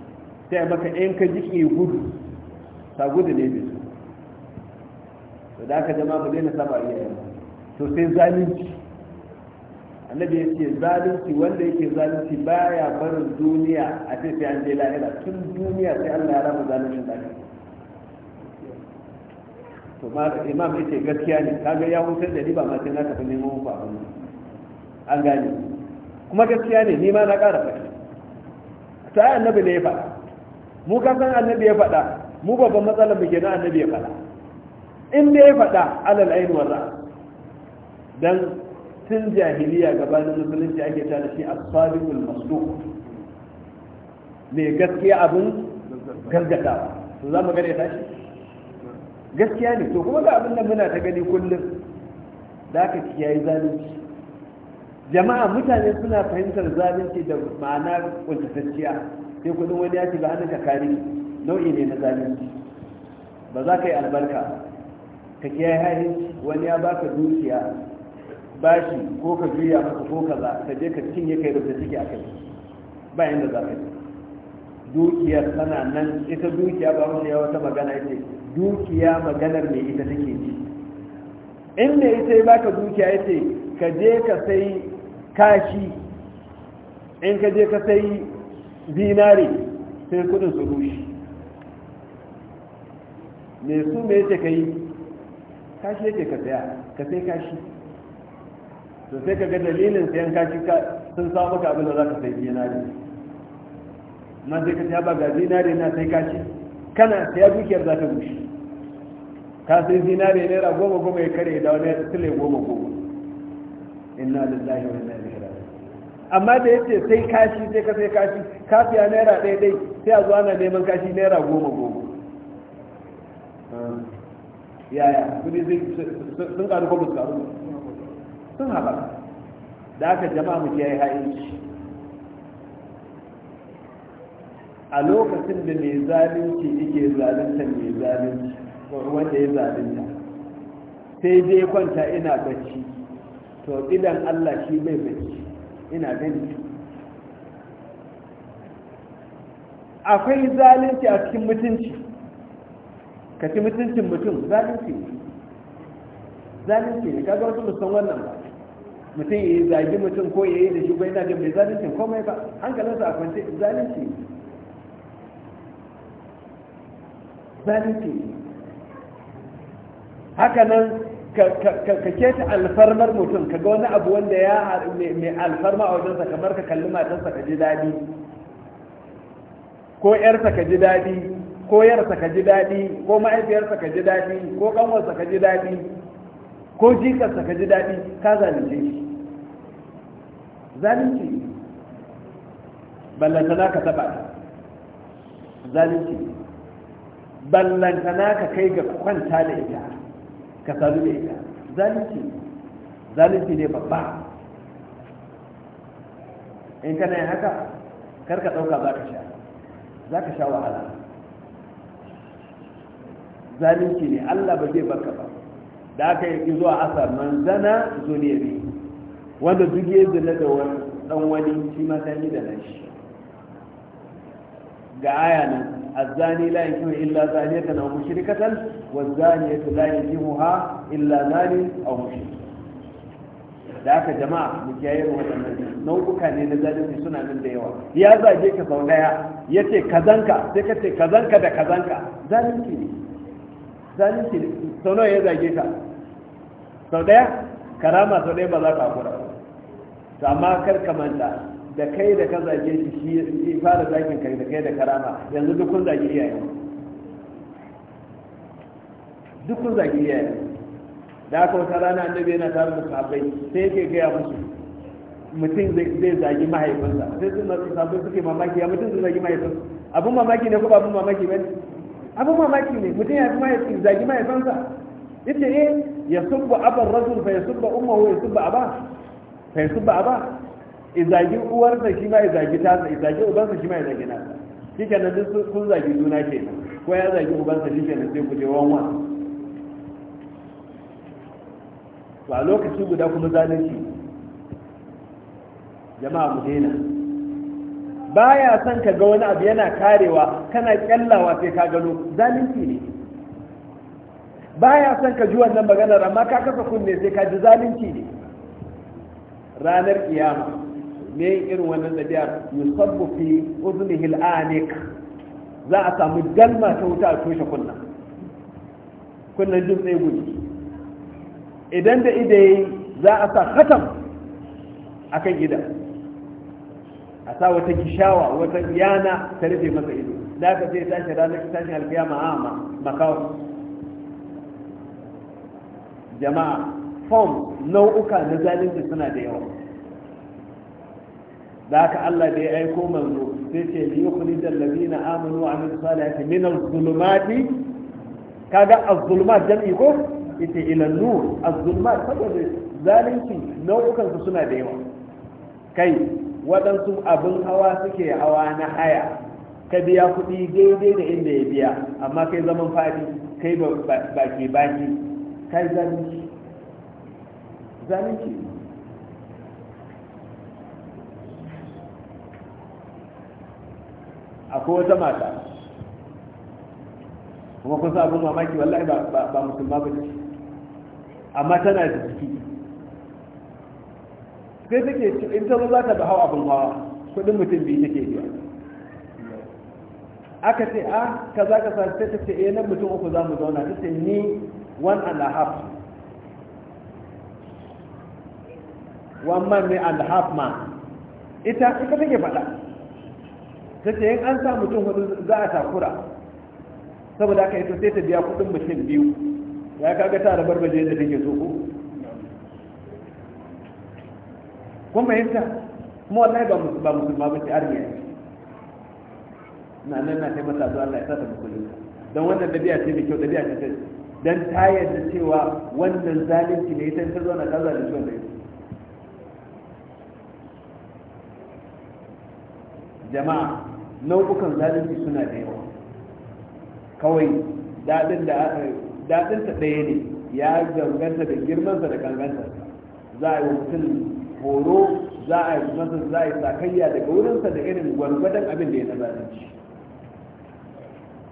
sai maka in ka ji ke gudu ta gudu ne bi. to da aka jama mu daina saba iyayen to sai zalunci annabi ya ce zalunci wanda yake zalunci baya barin duniya a ce sai an je lahira tun duniya sai Allah ya rama zalunci da to ma imam yace gaskiya ne kaga ya hutar da ba ma sai na tafi neman mu. abin an gane kuma gaskiya ne ni ma na ƙara faɗi sai annabi ne ya faɗa mu ka san annabi ya faɗa mu babban matsalar mu kenan annabi ya faɗa in da ya faɗa alal ainihin warra don tun jahiliya gabanin musulunci ake tana shi a sabiqul masu mai gaskiya abin gargatawa to za mu gare tashi gaskiya ne to kuma ga abin da muna ta gani kullum da aka kiyaye zalunci jama'a mutane suna fahimtar zalunci da ma'ana kuntatacciya sai kudin wani ya shiga hannun ka nau'i ne na zalunci ba za ka yi albarka ka kiyaye hali wani ya baka dukiya bashi ko ka juya maka ko kaza ka je ka cinye kai da ciki a kai ba yanda za ka yi dukiyar tana nan ita dukiya ba wani ta magana ce dukiya maganar mai ita take ji in mai ita ya baka dukiya ya ce ka je ka sai kashi in ka je ka sai zinare sai kudin su rushe mai su mai ce ka yi kashi yake ka saya ka sai kashi to sai ka ga dalilin sayan kashi sun samu maka abin da za ka sai dinari amma sai ka saya ba ga dinari na sai kashi kana saya dukiyar za ka gushi, ka sai dinari naira goma goma ya kare da wani sule goma goma inna lillahi wa inna ilaihi raji'un amma da yace sai kashi sai ka sai kashi kafiya naira ɗaya ɗai sai a zo ana neman kashi naira goma goma yaya kudi zai sun ko musu sun haɓaka da haka jama'a mu kiyaye ha'inci a lokacin da mai zalunci yake zalunta mai zalunci wanda ya zalunta sai dai kwanta ina bacci to idan Allah shi bai bacci ina gani akwai zalunci a cikin mutunci ka ci mutuncin mutum zalunci ne zalunci ne kaga wasu san wannan ba mutum ya yi zagi mutum ko ya yi da shi bai mai zalunci. zaluncin komai ba hankalinsa a kwance zalunci ne zalunci ne haka nan ka keta alfarmar mutum ka ga wani abu wanda ya mai alfarma a wajensa kamar ka kalli matarsa ka ji daɗi ko 'yarsa ka ji daɗi ko yarsa ka ji daɗi ko mahaifiyarsa ka ji daɗi ko ƙanwarsa ka ji daɗi ko jikarsa ka ji daɗi ka zalunce shi zalunci ballantana ka taɓa zalunci ballantana ka kai ga kwanta da ita ka sadu da ita zalunci zalunci ne babba in kana yin haka karka ɗauka za ka sha za ka sha wahala zalunci ne Allah ba zai baka ba da aka yi zuwa asar manzana zuriya ne wanda duk ya zina da wani dan wani shi ma sai da nashi ga aya nan la لا illa إلا aw mushrikatan wa والزانية la ينكحها illa zani aw mushrik da aka jama'a mu kiyaye waɗannan nau'uka ne na zalunci suna nan da yawa ya zage ka sau daya ya ce kazanka sai ka ce kazanka da kazanka zalunci ne zalunci sau nawa ya zage ka sau daya karama sau daya ba za ka kura to amma kar ka manta da kai da ka zage shi shi ya fara zagin kai da kai da karama yanzu duk kun zage iya duk kun zage iyayen da aka wata rana annabi yana tare da sahabbai sai yake gaya musu mutum zai zagi mahaifinsa sai sun nasu sahabbai suke mamaki ya mutum zai zagi mahaifinsa abun mamaki ne ko ba abun mamaki ba ne abin mamaki ne mutum ya fi mahaifin zagi mahaifansa ita ne eh, ya subba abar rasul fa ya subba umma, ya subba aba fa ya subba aba izagi uwarsa shi ma zagi ta izagi ubansa shi ma zagi na shi kenan duk sun zagi juna kenan ko ya zagi ubansa shi nan sai ku je wanwa to a lokaci guda kuma zalunci jama'a mu daina baya son ka ga wani abu yana karewa kana kyallawa sai ka gano zalunci ne baya son ka ji wannan maganar amma ka kasa kunne sai ka ji zalunci ne ranar kiyama me irin wannan da dabi'ar yusabbu fi uznihi al'anik za a samu dalma ta wuta a toshe kunna kunnan jin tsaye gudu idan da idai za a sa khatam akan gidan sa wata kishawa wata yana ta rufe masa ido da aka ce tashi ranar tashin alkiyama a makawa jama'a fom nau'uka na zalunci suna da yawa da haka Allah da ya aiko manzo sai ce li yukhrij allazina amanu wa amilus salihati min az-zulumati kaga az-zulumat jam'i ko ita ila nur az-zulumat saboda zalunci nau'ukan su suna da yawa kai waɗansu abin hawa suke hawa na haya ka biya kuɗi daidai da inda ya biya amma kai zaman fadi kai baki baki kai zalunci zalunci akwai wata mata kuma kusa abin mamaki wallahi ba musulma ba ce amma tana da jiki sai take in ta zo za ta da abin hawa kudin mutum biyu take biya aka ce a ah, ka za ka sai ta ce eh nan mutum uku za mu zauna ta ce ni one and a half one man ne and a half man ita ita take faɗa ta ce in an sa mutum hudu za a takura saboda aka yi sai ta biya kudin mutum biyu ya kaga ta da barbaje da take so kun fahimta kuma wallahi ba musulma ba ce armiya na nan na sai mata zuwa Allah ya sa ta musulunta don wannan dabi'a ce mai kyau dabi'a ce dan ta yarda cewa wannan zalunci ne ita ta zo na kaza da shi jama'a nau'ukan zalunci suna da yawa kawai dadin da daɗin ta ɗaya ne ya ganganta da girmansa da ganganta. za a yi mutum horo za a yi masa za a yi sakayya daga wurinsa da irin gwargwadon abin da ya nazarci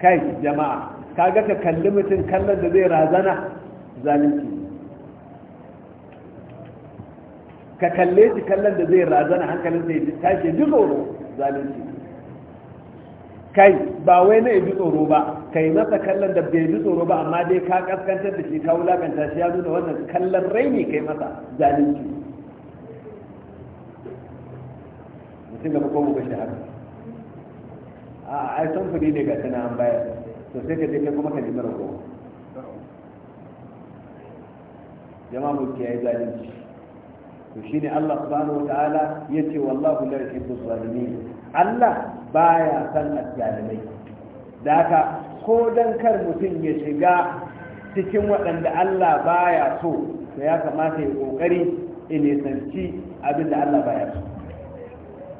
kai jama'a kaga ka kalli mutum kallon da zai razana zalunci ka kalle shi kallon da zai razana hankalin zai ji tashi ji tsoro zalunci kai ba wai na ji tsoro ba kai masa kallon da bai ji tsoro ba amma dai ka kaskantar da shi ka wulakanta shi ya nuna wannan kallon raini kai masa zalunci sun gaba ko muka shahara a ai samfuri ne ga tana an bayar to sai ka je ka kuma ka nemi rago jama'a mu kiyaye zalunci to shine Allah subhanahu wataala yace wallahu la yuhibbu zalimin Allah baya san zalimai da haka ko dan kar mutum ya shiga cikin waɗanda Allah baya so to ya kamata ya kokari in ya abin da Allah baya so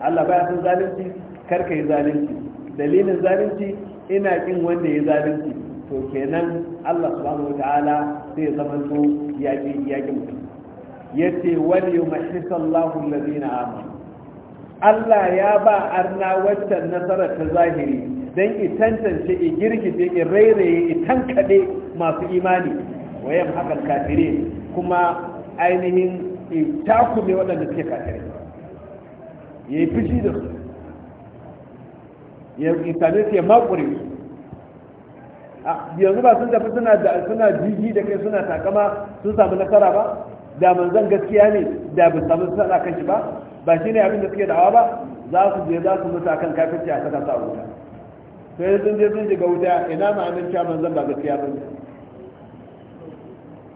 Allah baya son zalunci kar ka yi zalunci dalilin zalunci ina kin wanda ya zalunci to kenan Allah subhanahu wataala sai ya zama to ya yaƙi mutum yace wal yumahhis Allahu alladhina amanu Allah ya ba arna waccan nasara ta zahiri dan i tantance i girgije i rairaye i tankade masu imani wayan hakan kafire kuma ainihin i takume waɗanda suke kafirai ya yi fushi da su ya same su ya makure su yanzu ba sun tafi suna jiji da kai suna takama sun samu nasara ba da manzan gaskiya ne da ba samu sana kan shi ba ba shi ne abin da suke dawa ba za su je za su mutu akan kafirci a saka sa wuta sai sun je sun shiga wuta ina ma'anin cewa manzan ba gaskiya ba ne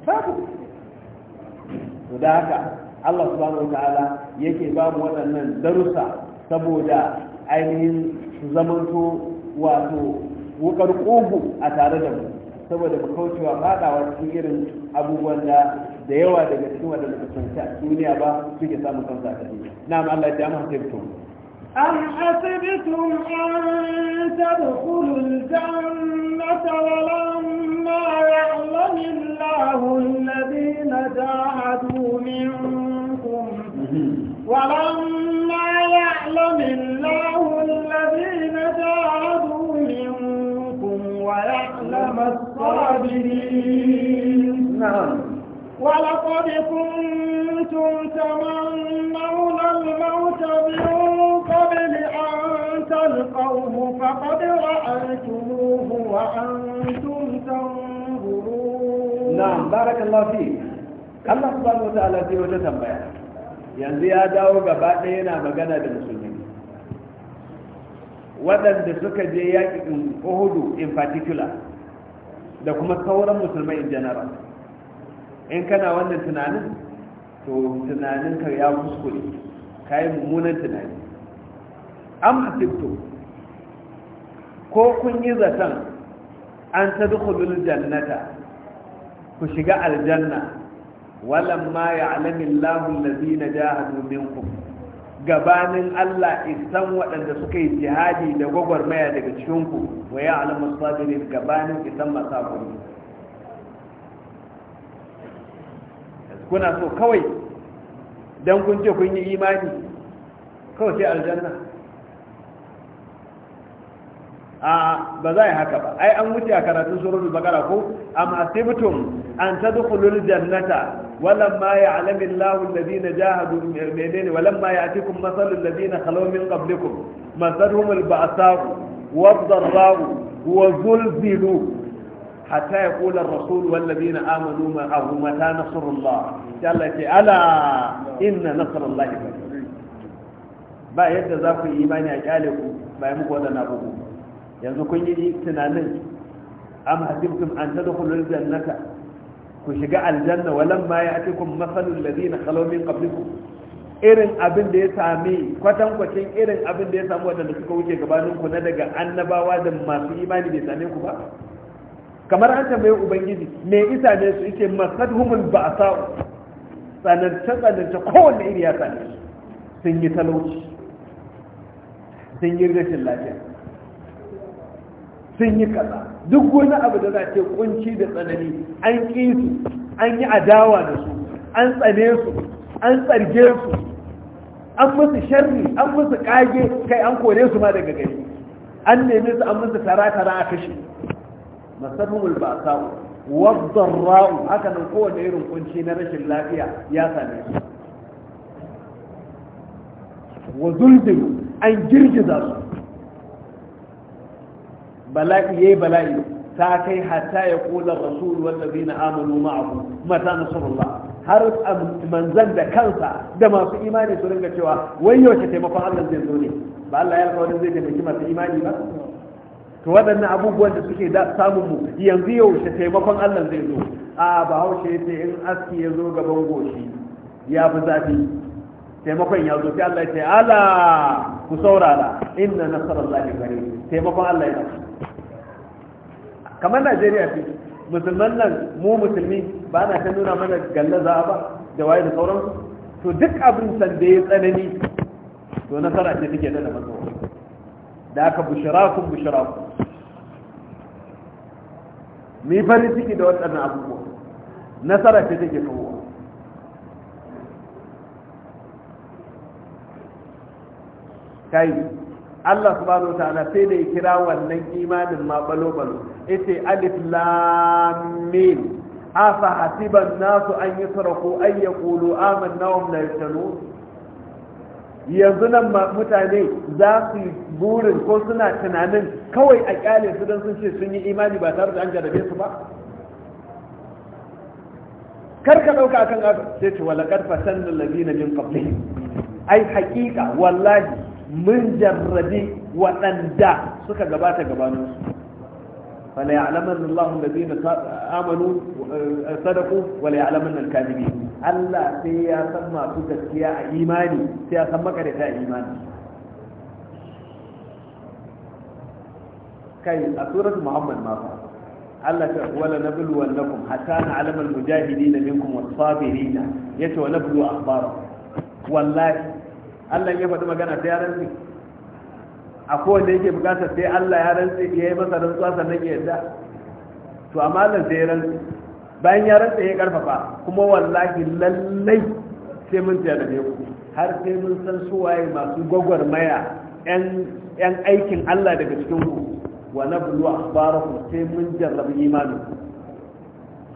babu da haka Allah subhanahu wa ta'ala yake ba mu waɗannan darussa saboda ainihin zamanto wato wukar ƙugu a tare da mu saboda mu kaucewa faɗawa cikin irin abubuwan da da yawa daga cikin waɗanda ba san duniya ba suke samun kansa a ciki na'am Allah ya jama'a sai fito أم حسبتم أن تدخلوا الجنة ولما يعلم الله الذين جاهدوا منكم ولما يعلم الله الذين جاهدوا منكم ويعلم الصابرين نعم ولقد كنتم تمنون الموت من قبل أن تلقوه فقد رأيتموه وأنتم تنظرون نعم بارك الله فيك الله سبحانه وتعالى في وجه تنبيه yanzu ya dawo gaba ɗaya yana magana da musulmi waɗanda suka je yaƙin uhudu in particular da kuma sauran musulmai in general in kana wannan tunanin to tunaninka ya kuskure ka yi mummunan tunani an hasibto ko kun yi zaton an ta jannata ku shiga aljanna walamma ya'lamu Allahu allazina jahadu minkum gabanin Allah isan waɗanda suka yi jihadi da gwagwarmaya daga cikinku wa ya alamu sabirin gabanin isan masu kuna so kawai don kun ce kun yi imani kawai sai aljanna a ba za yi haka ba ai an wuce a karatun surar bakara ko amma asibitum an ta dukkanin jannata walan ma alamin lahun da zina jahadu mene ne walan ma ya cikin masalin da zina kalomin ƙablikun masar humul ba a sa'u wadda sa'u wa zulzilu hatta wanda zina amanu ma a humata nasarullah ya Allah ke ala inna nasarullah ya ba yadda za ku yi imani a kyale ku bayan muku wadda na yanzu kun yi tunanin am hadimtum an tadkhulul jannata ku shiga aljanna walan ma ya'tikum mathalul ladina khalaw min qablikum irin abin da ya sami kwatankwacin irin abin da ya samu waɗanda suka wuce gabanin ku na daga annabawa da masu imani bai same ku ba kamar an tambaye ubangiji me isa ne su yake masadhumul ba'sa'u tsanance tsanance kowanne iri ya same sun yi talauci sun yi rashin lafiya sun yi kaza duk wani abu da za ce kunci da tsanani an ƙi su an yi adawa da su an tsane su an tsarge su an musu sharri an musu ƙage kai an kore su ma daga gari an neme su an musu tara-tara a kashe masarhumul ba sa'u wadda ra'u haka nan kowane irin kunci na rashin lafiya ya same su wa zuldilu an girgiza su bala'i yayi bala'i ta kai hatta ya kula rasul wallazina amanu ma'ahu mata nasrullah har manzan da kansa da masu imani su ringa cewa wai yaushe taimakon Allah zai zo ne ba Allah ya alƙawarin zai taimaki masu imani ba to waɗannan abubuwan da suke samun mu yanzu yaushe taimakon Allah zai zo a bahaushe ya in aski ya zo gaban goshi ya fi zafi taimakon ya zo sai Allah ya ce ala ku saurara inna nasarar zahi gare taimakon Allah ya kamar najeriya fi musulman nan mu musulmi ba na ta nuna mana galla za ba da waye da sauransu to duk abin san da ya tsanani to nasara ce take da masowa da aka bushirakum bushirakum mi farin ciki da waɗannan abubuwa nasara ce take kawo kai Allah subhanahu wa ta'ala sai da ya kira wannan imanin ma balo balo yace alif lam mim afa nasu an sarako an yaqulu amanna wa na la yanzu nan mutane za su burin ko suna tunanin kawai a kyale su don sun ce sun yi imani ba tare da an jarabe su ba kar ka ɗauka akan aka sai ce wala karfa sannan ladina min ai haƙiƙa wallahi من جردي وأندى سكا قباتا قبانا فليعلمن الله الذين آمنوا صدقوا وليعلمن الكاذبين ألا سيا سمى كتك يا إيماني سيا سمى كتك يا إيماني كي أسورة محمد ما فعل الله سيا ولنبلو أنكم حتى نعلم المجاهدين منكم والصابرين يتو نبلو أخبارهم والله Allah ya faɗi magana sai ya rantsi a kowanne yake bukatar sai Allah ya rantsi ya yi masa rantsuwa sannan ya yadda to amma Allah sai ya rantsi bayan ya rantsi ya karfafa kuma wallahi lallai sai mun tsaya da ku har sai mun san su waye masu gwagwarmaya yan aikin Allah daga cikin ku wa bulu akhbarakum sai mun jarrabi imanin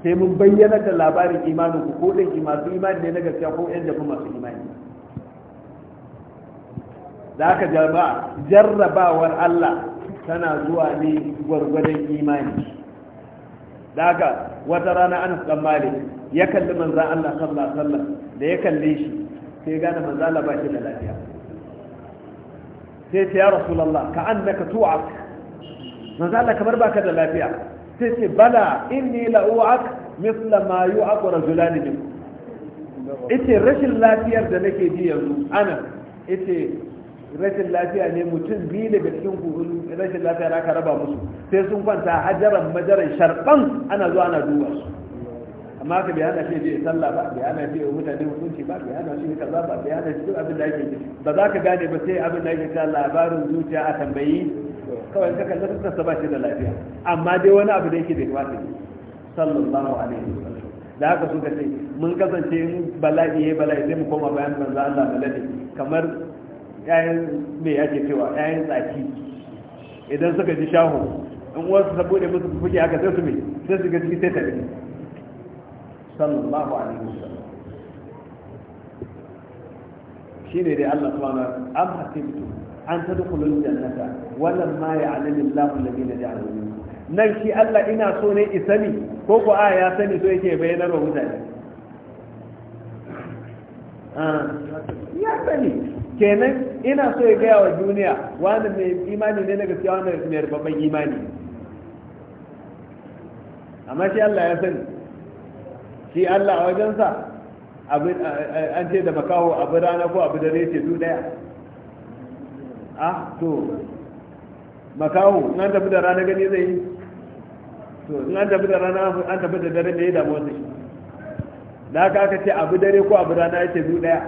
sai mun bayyana da labarin imanin ku ko din masu imani ne na gaskiya ko yan jabu masu imani da aka jarba jarrabawar Allah tana zuwa ne gwargwadon imani da aka wata rana Anas dan Malik ya kalli manza Allah sallallahu alaihi wasallam da ya kalle shi sai gane manzo Allah ba shi da lafiya sai ce ya rasulullah ka annaka tu'ak manzo Allah kamar baka da lafiya sai ce bala inni la'u'ak misla ma yu'aq rajulani minkum ita rashin lafiyar da nake ji yanzu ana ita rashin lafiya ne mutum biyu daga cikin kuhun rashin lafiya na ka raba musu sai sun kwanta hajaran majaran sharban ana zuwa ana duba su amma ka bayana shi je sallah ba bayana shi mutane mutunci ba bayana shi kaza ba bayana shi duk abin da ake yake ba za ka gane ba sai abin da yake ta labarin zuciya a tambayi kawai ka kalla ka ba shi da lafiya amma dai wani abu da yake da kwata sallallahu alaihi wasallam da haka suka ce mun kasance bala'i ya bala'i sai mu koma bayan manzo Allah malaka kamar yayin mai yake cewa yayin tsaki idan suka ji shahu in wasu ta bude musu fuke haka sai su mai sai su gaji sai tafi sallallahu alaihi wasallam shine dai Allah subhanahu wa am hasibtu an tadkhulul jannata walam ma ya'lamu Allahu alladhina ja'alu minkum nan shi Allah ina so ne isani ko ko ya sani so yake bayyanar wa mutane Ah. ya sani kenan ina so ya gaya wa duniya wani mai imani ne na gaskiya wani mai babban imani amma shi Allah ya sani shi Allah a wajensa an ce da makaho abu rana ko abu dare ce du daya ah to makaho in an tafi da rana gani zai yi to in an tafi da rana an tafi da dare da ya damu wasu shi da haka aka ce abu dare ko abu rana yake zu daya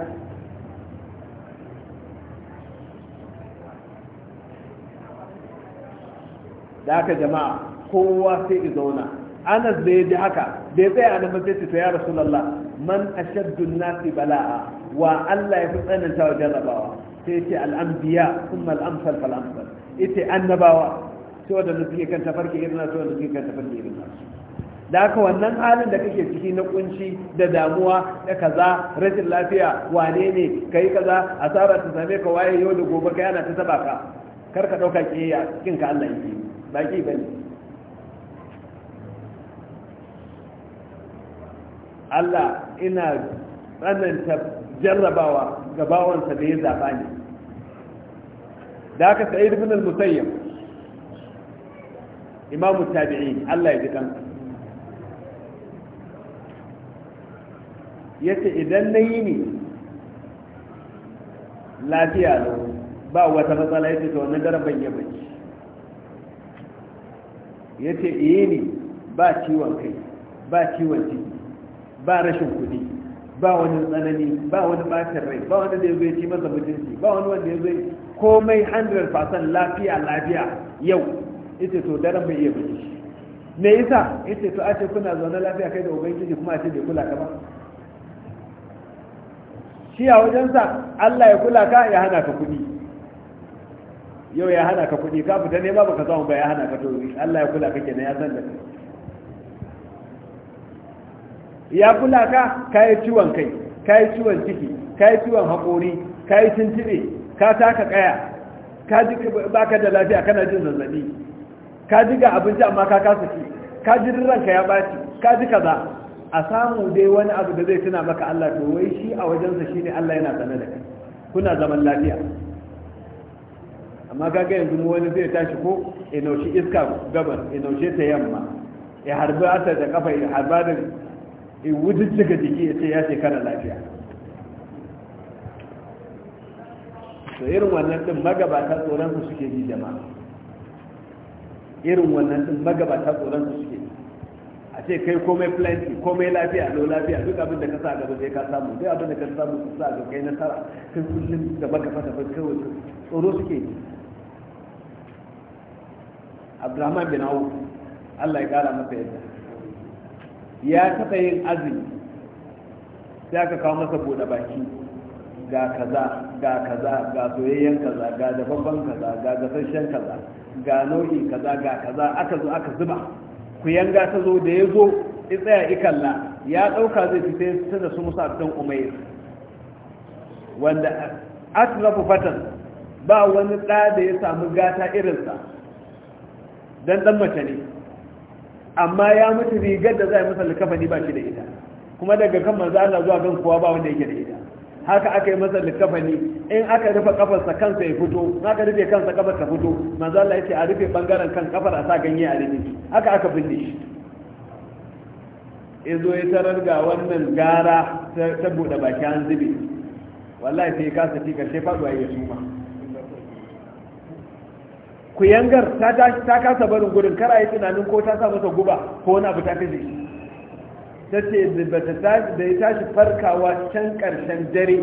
da haka jama'a kowa sai i zauna anas bai yi ji haka da ya tsaya da mace to ya rasulullah man a ashaddu nasi bala'a wa Allah ya fi tsananta wa jarrabawa sai ya ce al'ambiya kuma al'amsal fal'amsal ita annabawa sai wadanda suke kan tafarki irin nasu wadanda suke kan tafarki irin nasu da haka wannan halin da kake ciki na kunci da damuwa da kaza rashin lafiya wane ne yi kaza asara ta same ka waye yau da gobe ka yana ta taba ka kar ka dauka kiyaya cikin ka Allah yake baki bane Allah ina tsananta jarrabawa ga bawansa da ya zaba ne da haka sa'id ibn al-musayyib imamu tabi'in Allah ya ji kansa ya ce idan na yi ne lafiya da ba wata matsala ya ce ta wannan daren ya bace bacci ya ce iya eh ne ba ciwon kai ba ciwon ciki ba rashin kuɗi ba wani tsanani ba wani bacin rai ba wani da ya zai ci masa mutunci ba wani wanda ya zai komai 100% lafiya lafiya yau ita to daren bai iya bace me yasa ita to a ce kuna zaune lafiya kai da ubangiji kuma a ce bai kula ka ba shi a wajensa Allah ya kula ka ya hana ka kuɗi yau ya hana ka kuɗi ka fita nema baka zama ba ya hana ka to Allah ya kula ka kenan ya san da kai ya kula ka kai ciwon kai kai ciwon ciki kai ciwon haƙori kai tintire ka taka kaya ka ji baka da lafiya kana jin zazzabi ka ji ga abinci amma ka kasa ci ka ji ranka ya baci ka ji kaza a samu dai wani abu da zai tuna maka Allah to wai shi a wajensa shine Allah yana sane da kai kuna zaman lafiya amma kaga yanzu mu wani zai tashi ko inaushe iska gaban inaushe ta yamma ya harba asar da kafa ya harba da in daga jiki ya ce ya shekara lafiya to irin wannan din magabata tsoron su suke ji jama'a irin wannan din magabata tsoron su suke ji a ce kai komai plenty komai lafiya lo lafiya duk abin da ka sa gaba sai ka samu duk abin da ka samu ka sa gaba kai nasara kai kullum da baka fata kai wato tsoro suke abdurrahman bin awu allah ya kara masa yadda ya taɓa yin azumi sai aka kawo masa bude baki ga kaza ga kaza ga soyayyen kaza ga dafafan kaza ga gasasshen kaza ga nau'i kaza ga kaza aka zo aka zuba ku yanga ta zo da ya zo ya tsaya ikalla ya ɗauka zai fita ta da su musa don umair wanda atrafu fatan ba wani ɗa da ya samu gata irinsa don ɗan mace ne amma ya mutu rigar da zai masa likafani ba shi da ita kuma daga kan manzo zuwa gan kowa ba wanda yake da ita haka aka yi masa likafani in aka rufe kafarsa kansa ya fito in aka rufe kansa kafar ta fito manzo Allah yace a rufe bangaren kan kafar a sa ganye a rufe haka aka binne shi yazo ya tarar ga wannan gara ta bude baki an zube wallahi sai ka saki sai faduwa ya suma kuyangar ta ta kasa barin gurin kar a yi tunanin ko ta sa masa guba ko wani abu ta kashe shi ta ce da ya tashi farkawa can ƙarshen dare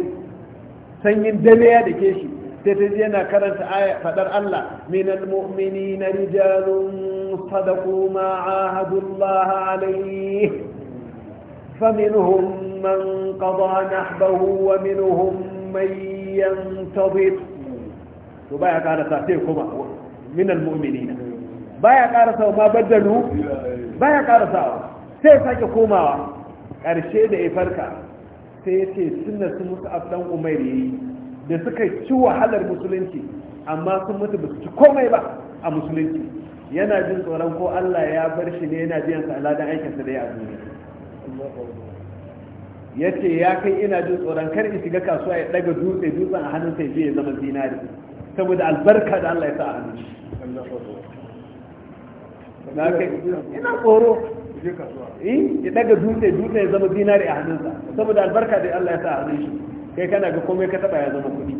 sanyin dare ya dake shi sai ta ji yana karanta aya fadar Allah min almu'mini na rijalun sadaku ma ahadullah alayhi فمنهم من قضى نحبه ومنهم من ينتظر وبايا قال ساتيكم من المؤمنين بايا قال سوا ما بدلوا بايا قال سوا sai sake komawa ƙarshe da ya farka sai ya ce suna sun musu abdan umar yayi da suka ci wahalar musulunci amma sun mutu ba su ci komai ba a musulunci yana jin tsoron ko Allah ya bar shi ne yana biyan sa aikin aikinsa da ya a ya ce ya kai ina jin tsoron kar in shiga kasuwa ya daga dutse dutsen a hannun sai ya zama zinari saboda albarka da Allah ya sa a hannun shi ina tsoro Eh, ya daga dutse dutse ya zama zinari a hannunsa saboda albarka da Allah ya sa a hannun shi kai kana ga komai ka taba ya zama kuɗi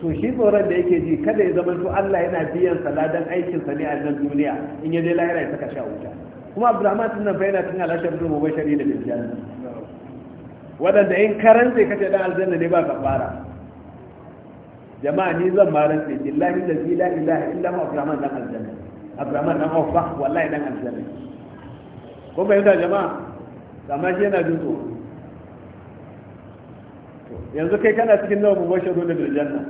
to shi tsoron da yake ji kada ya zama to Allah yana biyan sa ladan aikin sa ne a nan duniya in ya je lahira ya saka sha wuta kuma Abdulrahman tunan fa yana tunan alashar da mubashari da bijjan wadanda in karanta kace dan aljanna ne ba kafara jama'a ni zan ma rantsi billahi la ilaha illa huwa Abdulrahman dan aljanna Abdulrahman dan Auf wallahi dan aljanna ko bai fahimta jama'a amma shi yana jin tsoro yanzu kai kana cikin nawa babban mubashar da biljanna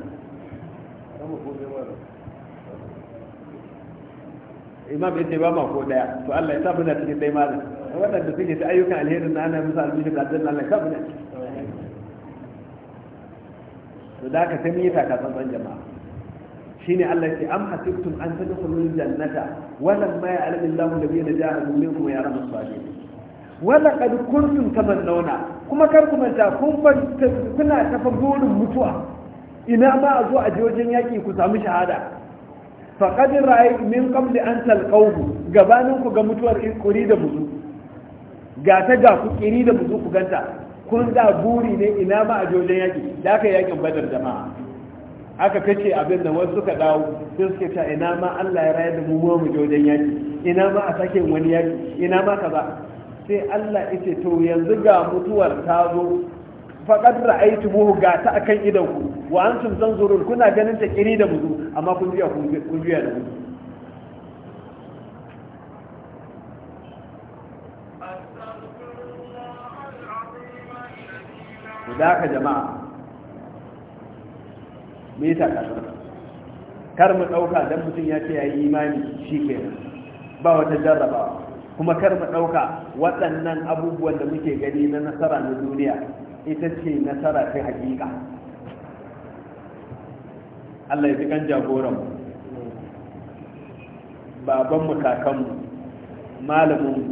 imam ya ce ba ma ko daya to Allah ya sabu na cikin dai malam waɗanda suke ta ayyukan alherin na ana musa albishir da aljanna Allah ya sabu sa muna to da aka sai mun yi takasan jama'a shine Allah ce am hasibtum an tadkhulul jannata walam ma ya'lamu Allahu alladhina jahadu minkum wa ya'lamu as-salihin wala qad kuntum tamannawna kuma kar ku manta kun kuna tafa burin mutuwa ina ma a zo a je wajen yaki ku samu shahada faqad ra'i min qabli an talqawhu gabanin ku ga mutuwar kuri da buzu ga ta ga ku kiri da buzu ku ganta kun da buri ne ina ma a je wajen yaki da aka yakin badar jama'a aka kace abin da wasu suka dawo sun suke ta ina ma Allah ya rayar da mu mu je wajen yaki ina ma a sake wani yaki ina ma kaza sai Allah yace to yanzu ga mutuwar ta zo faqad ra'aytumuhu ga ta akan idan ku wa antum tanzurun kuna ganin ta kiri da muzu amma kun biya kun biya da muzu da haka jama'a me yasa ka kar mu dauka dan mutum ya ce yayi imani shikenan ba wata jarraba. kuma kar mu dauka waɗannan abubuwan da muke gani na nasara na duniya ita ce nasara ta hakika Allah ya ji kan jagoran mu baban mu kakan mu malamin mu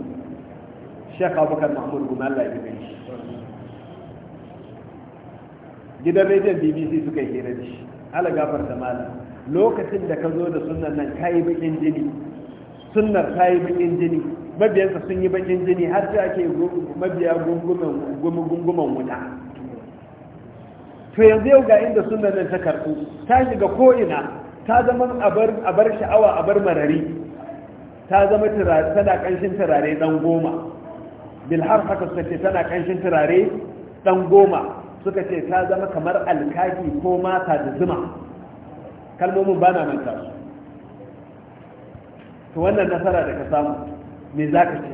Sheikh Abubakar Mahmud Gumi Allah ya ji gidan rediyon bbc suka yi hira da shi ala gafarta mala lokacin da ka zo da sunnan nan ka yi bakin jini sunnar ta yi bakin jini mabiyansa sun yi bakin jini har sai ake mabiya gungumen wuta to yanzu yau ga inda sunnan nan ta karɓu ta shiga ko'ina ta zama a bar sha'awa a bar marari ta zama tana ƙanshin turare dan goma bilhar haka suka ce tana kanshin turare dan goma suka ce ta zama kamar alkaki ko mata da zuma kalmomin ba na manta su to wannan nasara da ka samu me za ka ce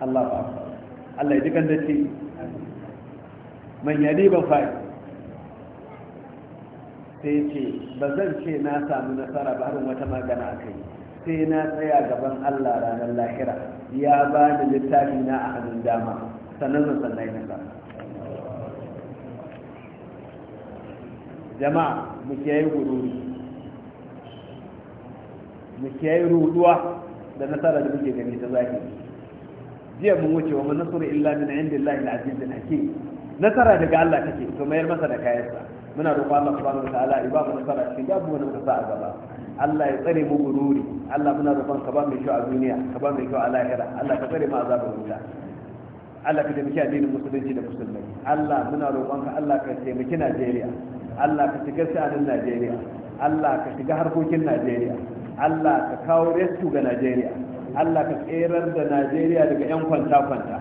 Allah ba Allah ya ji dace man yadi ban fa'i sai ce ba zan ce na samu nasara ba harin wata magana a sai na tsaya gaban Allah ranar lahira ya ba da littafi na a hannun dama sannan zan sannan nasara jama'a mu kiyaye guduri mu kiyaye ruduwa da nasara da muke gani ta zaki jiya mun wuce wa nasru illa min indillahi al-aziz al-hakim nasara daga Allah take to mayar masa da kayarsa muna roƙo Allah subhanahu wa ta'ala ya ba mu nasara cikin gabu wani muka a gaba Allah ya tsare mu gururi Allah muna roƙon ka ba mu kyau a duniya ka ba mu kyau a lahira Allah ka tsare mu azabar wuta Allah ka taimaki addinin musulunci da musulmai Allah muna roƙon ka Allah ka taimaki Najeriya Allah ka shiga sha'anin Najeriya Allah ka shiga harkokin Najeriya Allah ka kawo rescue ga Najeriya Allah ka tserar da Najeriya daga 'yan kwanta-kwanta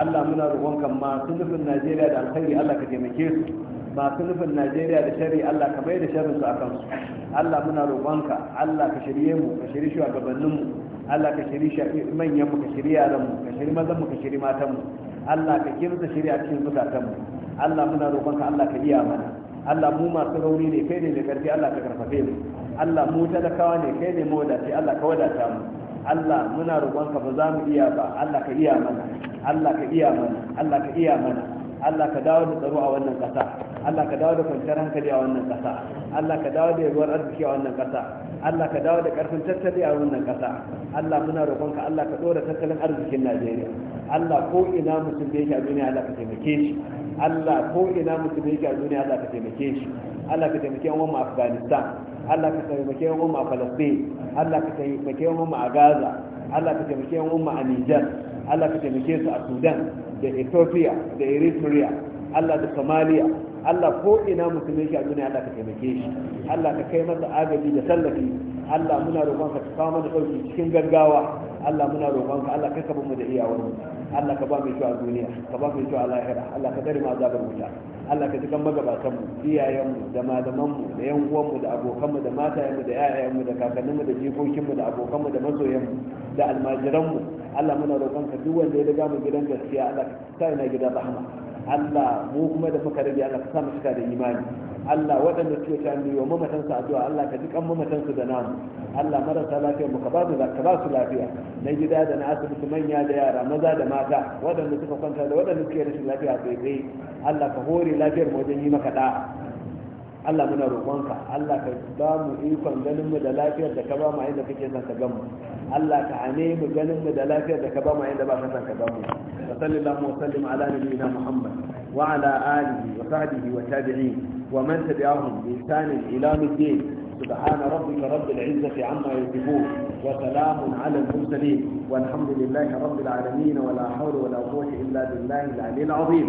Allah muna roƙonka masu nufin Najeriya da alkhairi Allah ka taimake su masu nufin Najeriya da shari Allah ka bai da sharrin su akan su Allah muna roƙonka Allah ka shirye mu ka shirye shugabannin mu Allah ka shirye manyan mu ka shirye yaran mu ka shirye mazan mu ka shirye matan mu Allah ka kimsa shirya cikin zukatan mu Allah muna roƙonka Allah ka iya mana Allah mu masu rauni ne kai ne da karfi Allah ka karfafe mu Allah mu talakawa ne kai ne mu wadace Allah ka wadata mu Allah muna roƙonka ba za mu iya ba Allah ka iya mana Allah ka iya mana Allah ka iya mana Allah ka dawo da tsaro a wannan ƙasa Allah ka dawo da kwanciyar hankali a wannan ƙasa Allah ka dawo da yabuwar arziki a wannan ƙasa Allah ka dawo da ƙarfin tattali a wannan ƙasa Allah muna roƙonka Allah ka ɗora tattalin arzikin Najeriya Allah ko ina mutum da yake a duniya Allah ka taimake shi Allah ko ina musulmi yake a duniya Allah ka taimake shi Allah ka taimake yan uwan Afghanistan Allah ka taimake yan uwan Palestine Allah ka taimake yawan uwan a Gaza Allah ka taimake yawan uwan a Niger Allah ka taimake su a Sudan da Ethiopia da Eritrea Allah da Somalia Allah ko ina musulmi yake a duniya Allah ka taimake shi Allah ka kai masa agaji da tallafi Allah muna roƙon ka kawo mana ɗauki cikin gaggawa Allah muna roƙon ka Allah ka kaba mu da iyawarmu. Allah ka ba mu kyau a duniya ka ba mu kyau a lahira Allah ka dare mu azabar wuta Allah ka ji magabatan mu iyayen mu da malaman mu da yan uwan mu da abokan mu da matayen mu da yayayen mu da kakannin mu da jikokin mu da abokan mu da masoyan mu da almajiran mu Allah muna roƙon ka duk wanda ya daga mu gidan gaskiya Allah ka gidan rahama Allah mu kuma da muka rage Allah ka sa mu cika da imani Allah waɗanda suke ta mu yi wa mamatansu addu'a Allah ka ji kan mamatansu da namu Allah marasa lafiya mu ka ba su ka ba su lafiya na gida da na asibiti manya da yara maza da mata waɗanda suka kwanta da waɗanda suke rashin lafiya tsaye Allah ka hore lafiyar mu wajen yi maka da'a Allah muna roƙonka Allah ka ba mu ikon ganin mu da lafiyar da ka ba mu inda kake son ka ga mu Allah ka ane mu ganin mu da lafiyar da ka ba mu inda ba ka son ka ga mu sallallahu wa sallim ala nabiyina Muhammad wa ala alihi wa sahbihi wa tabi'in wa man tabi'ahum bi ihsan ila yawm سبحان ربك رب العزة عما يصفون وسلام على المرسلين والحمد لله رب العالمين ولا حول ولا قوة إلا بالله العلي العظيم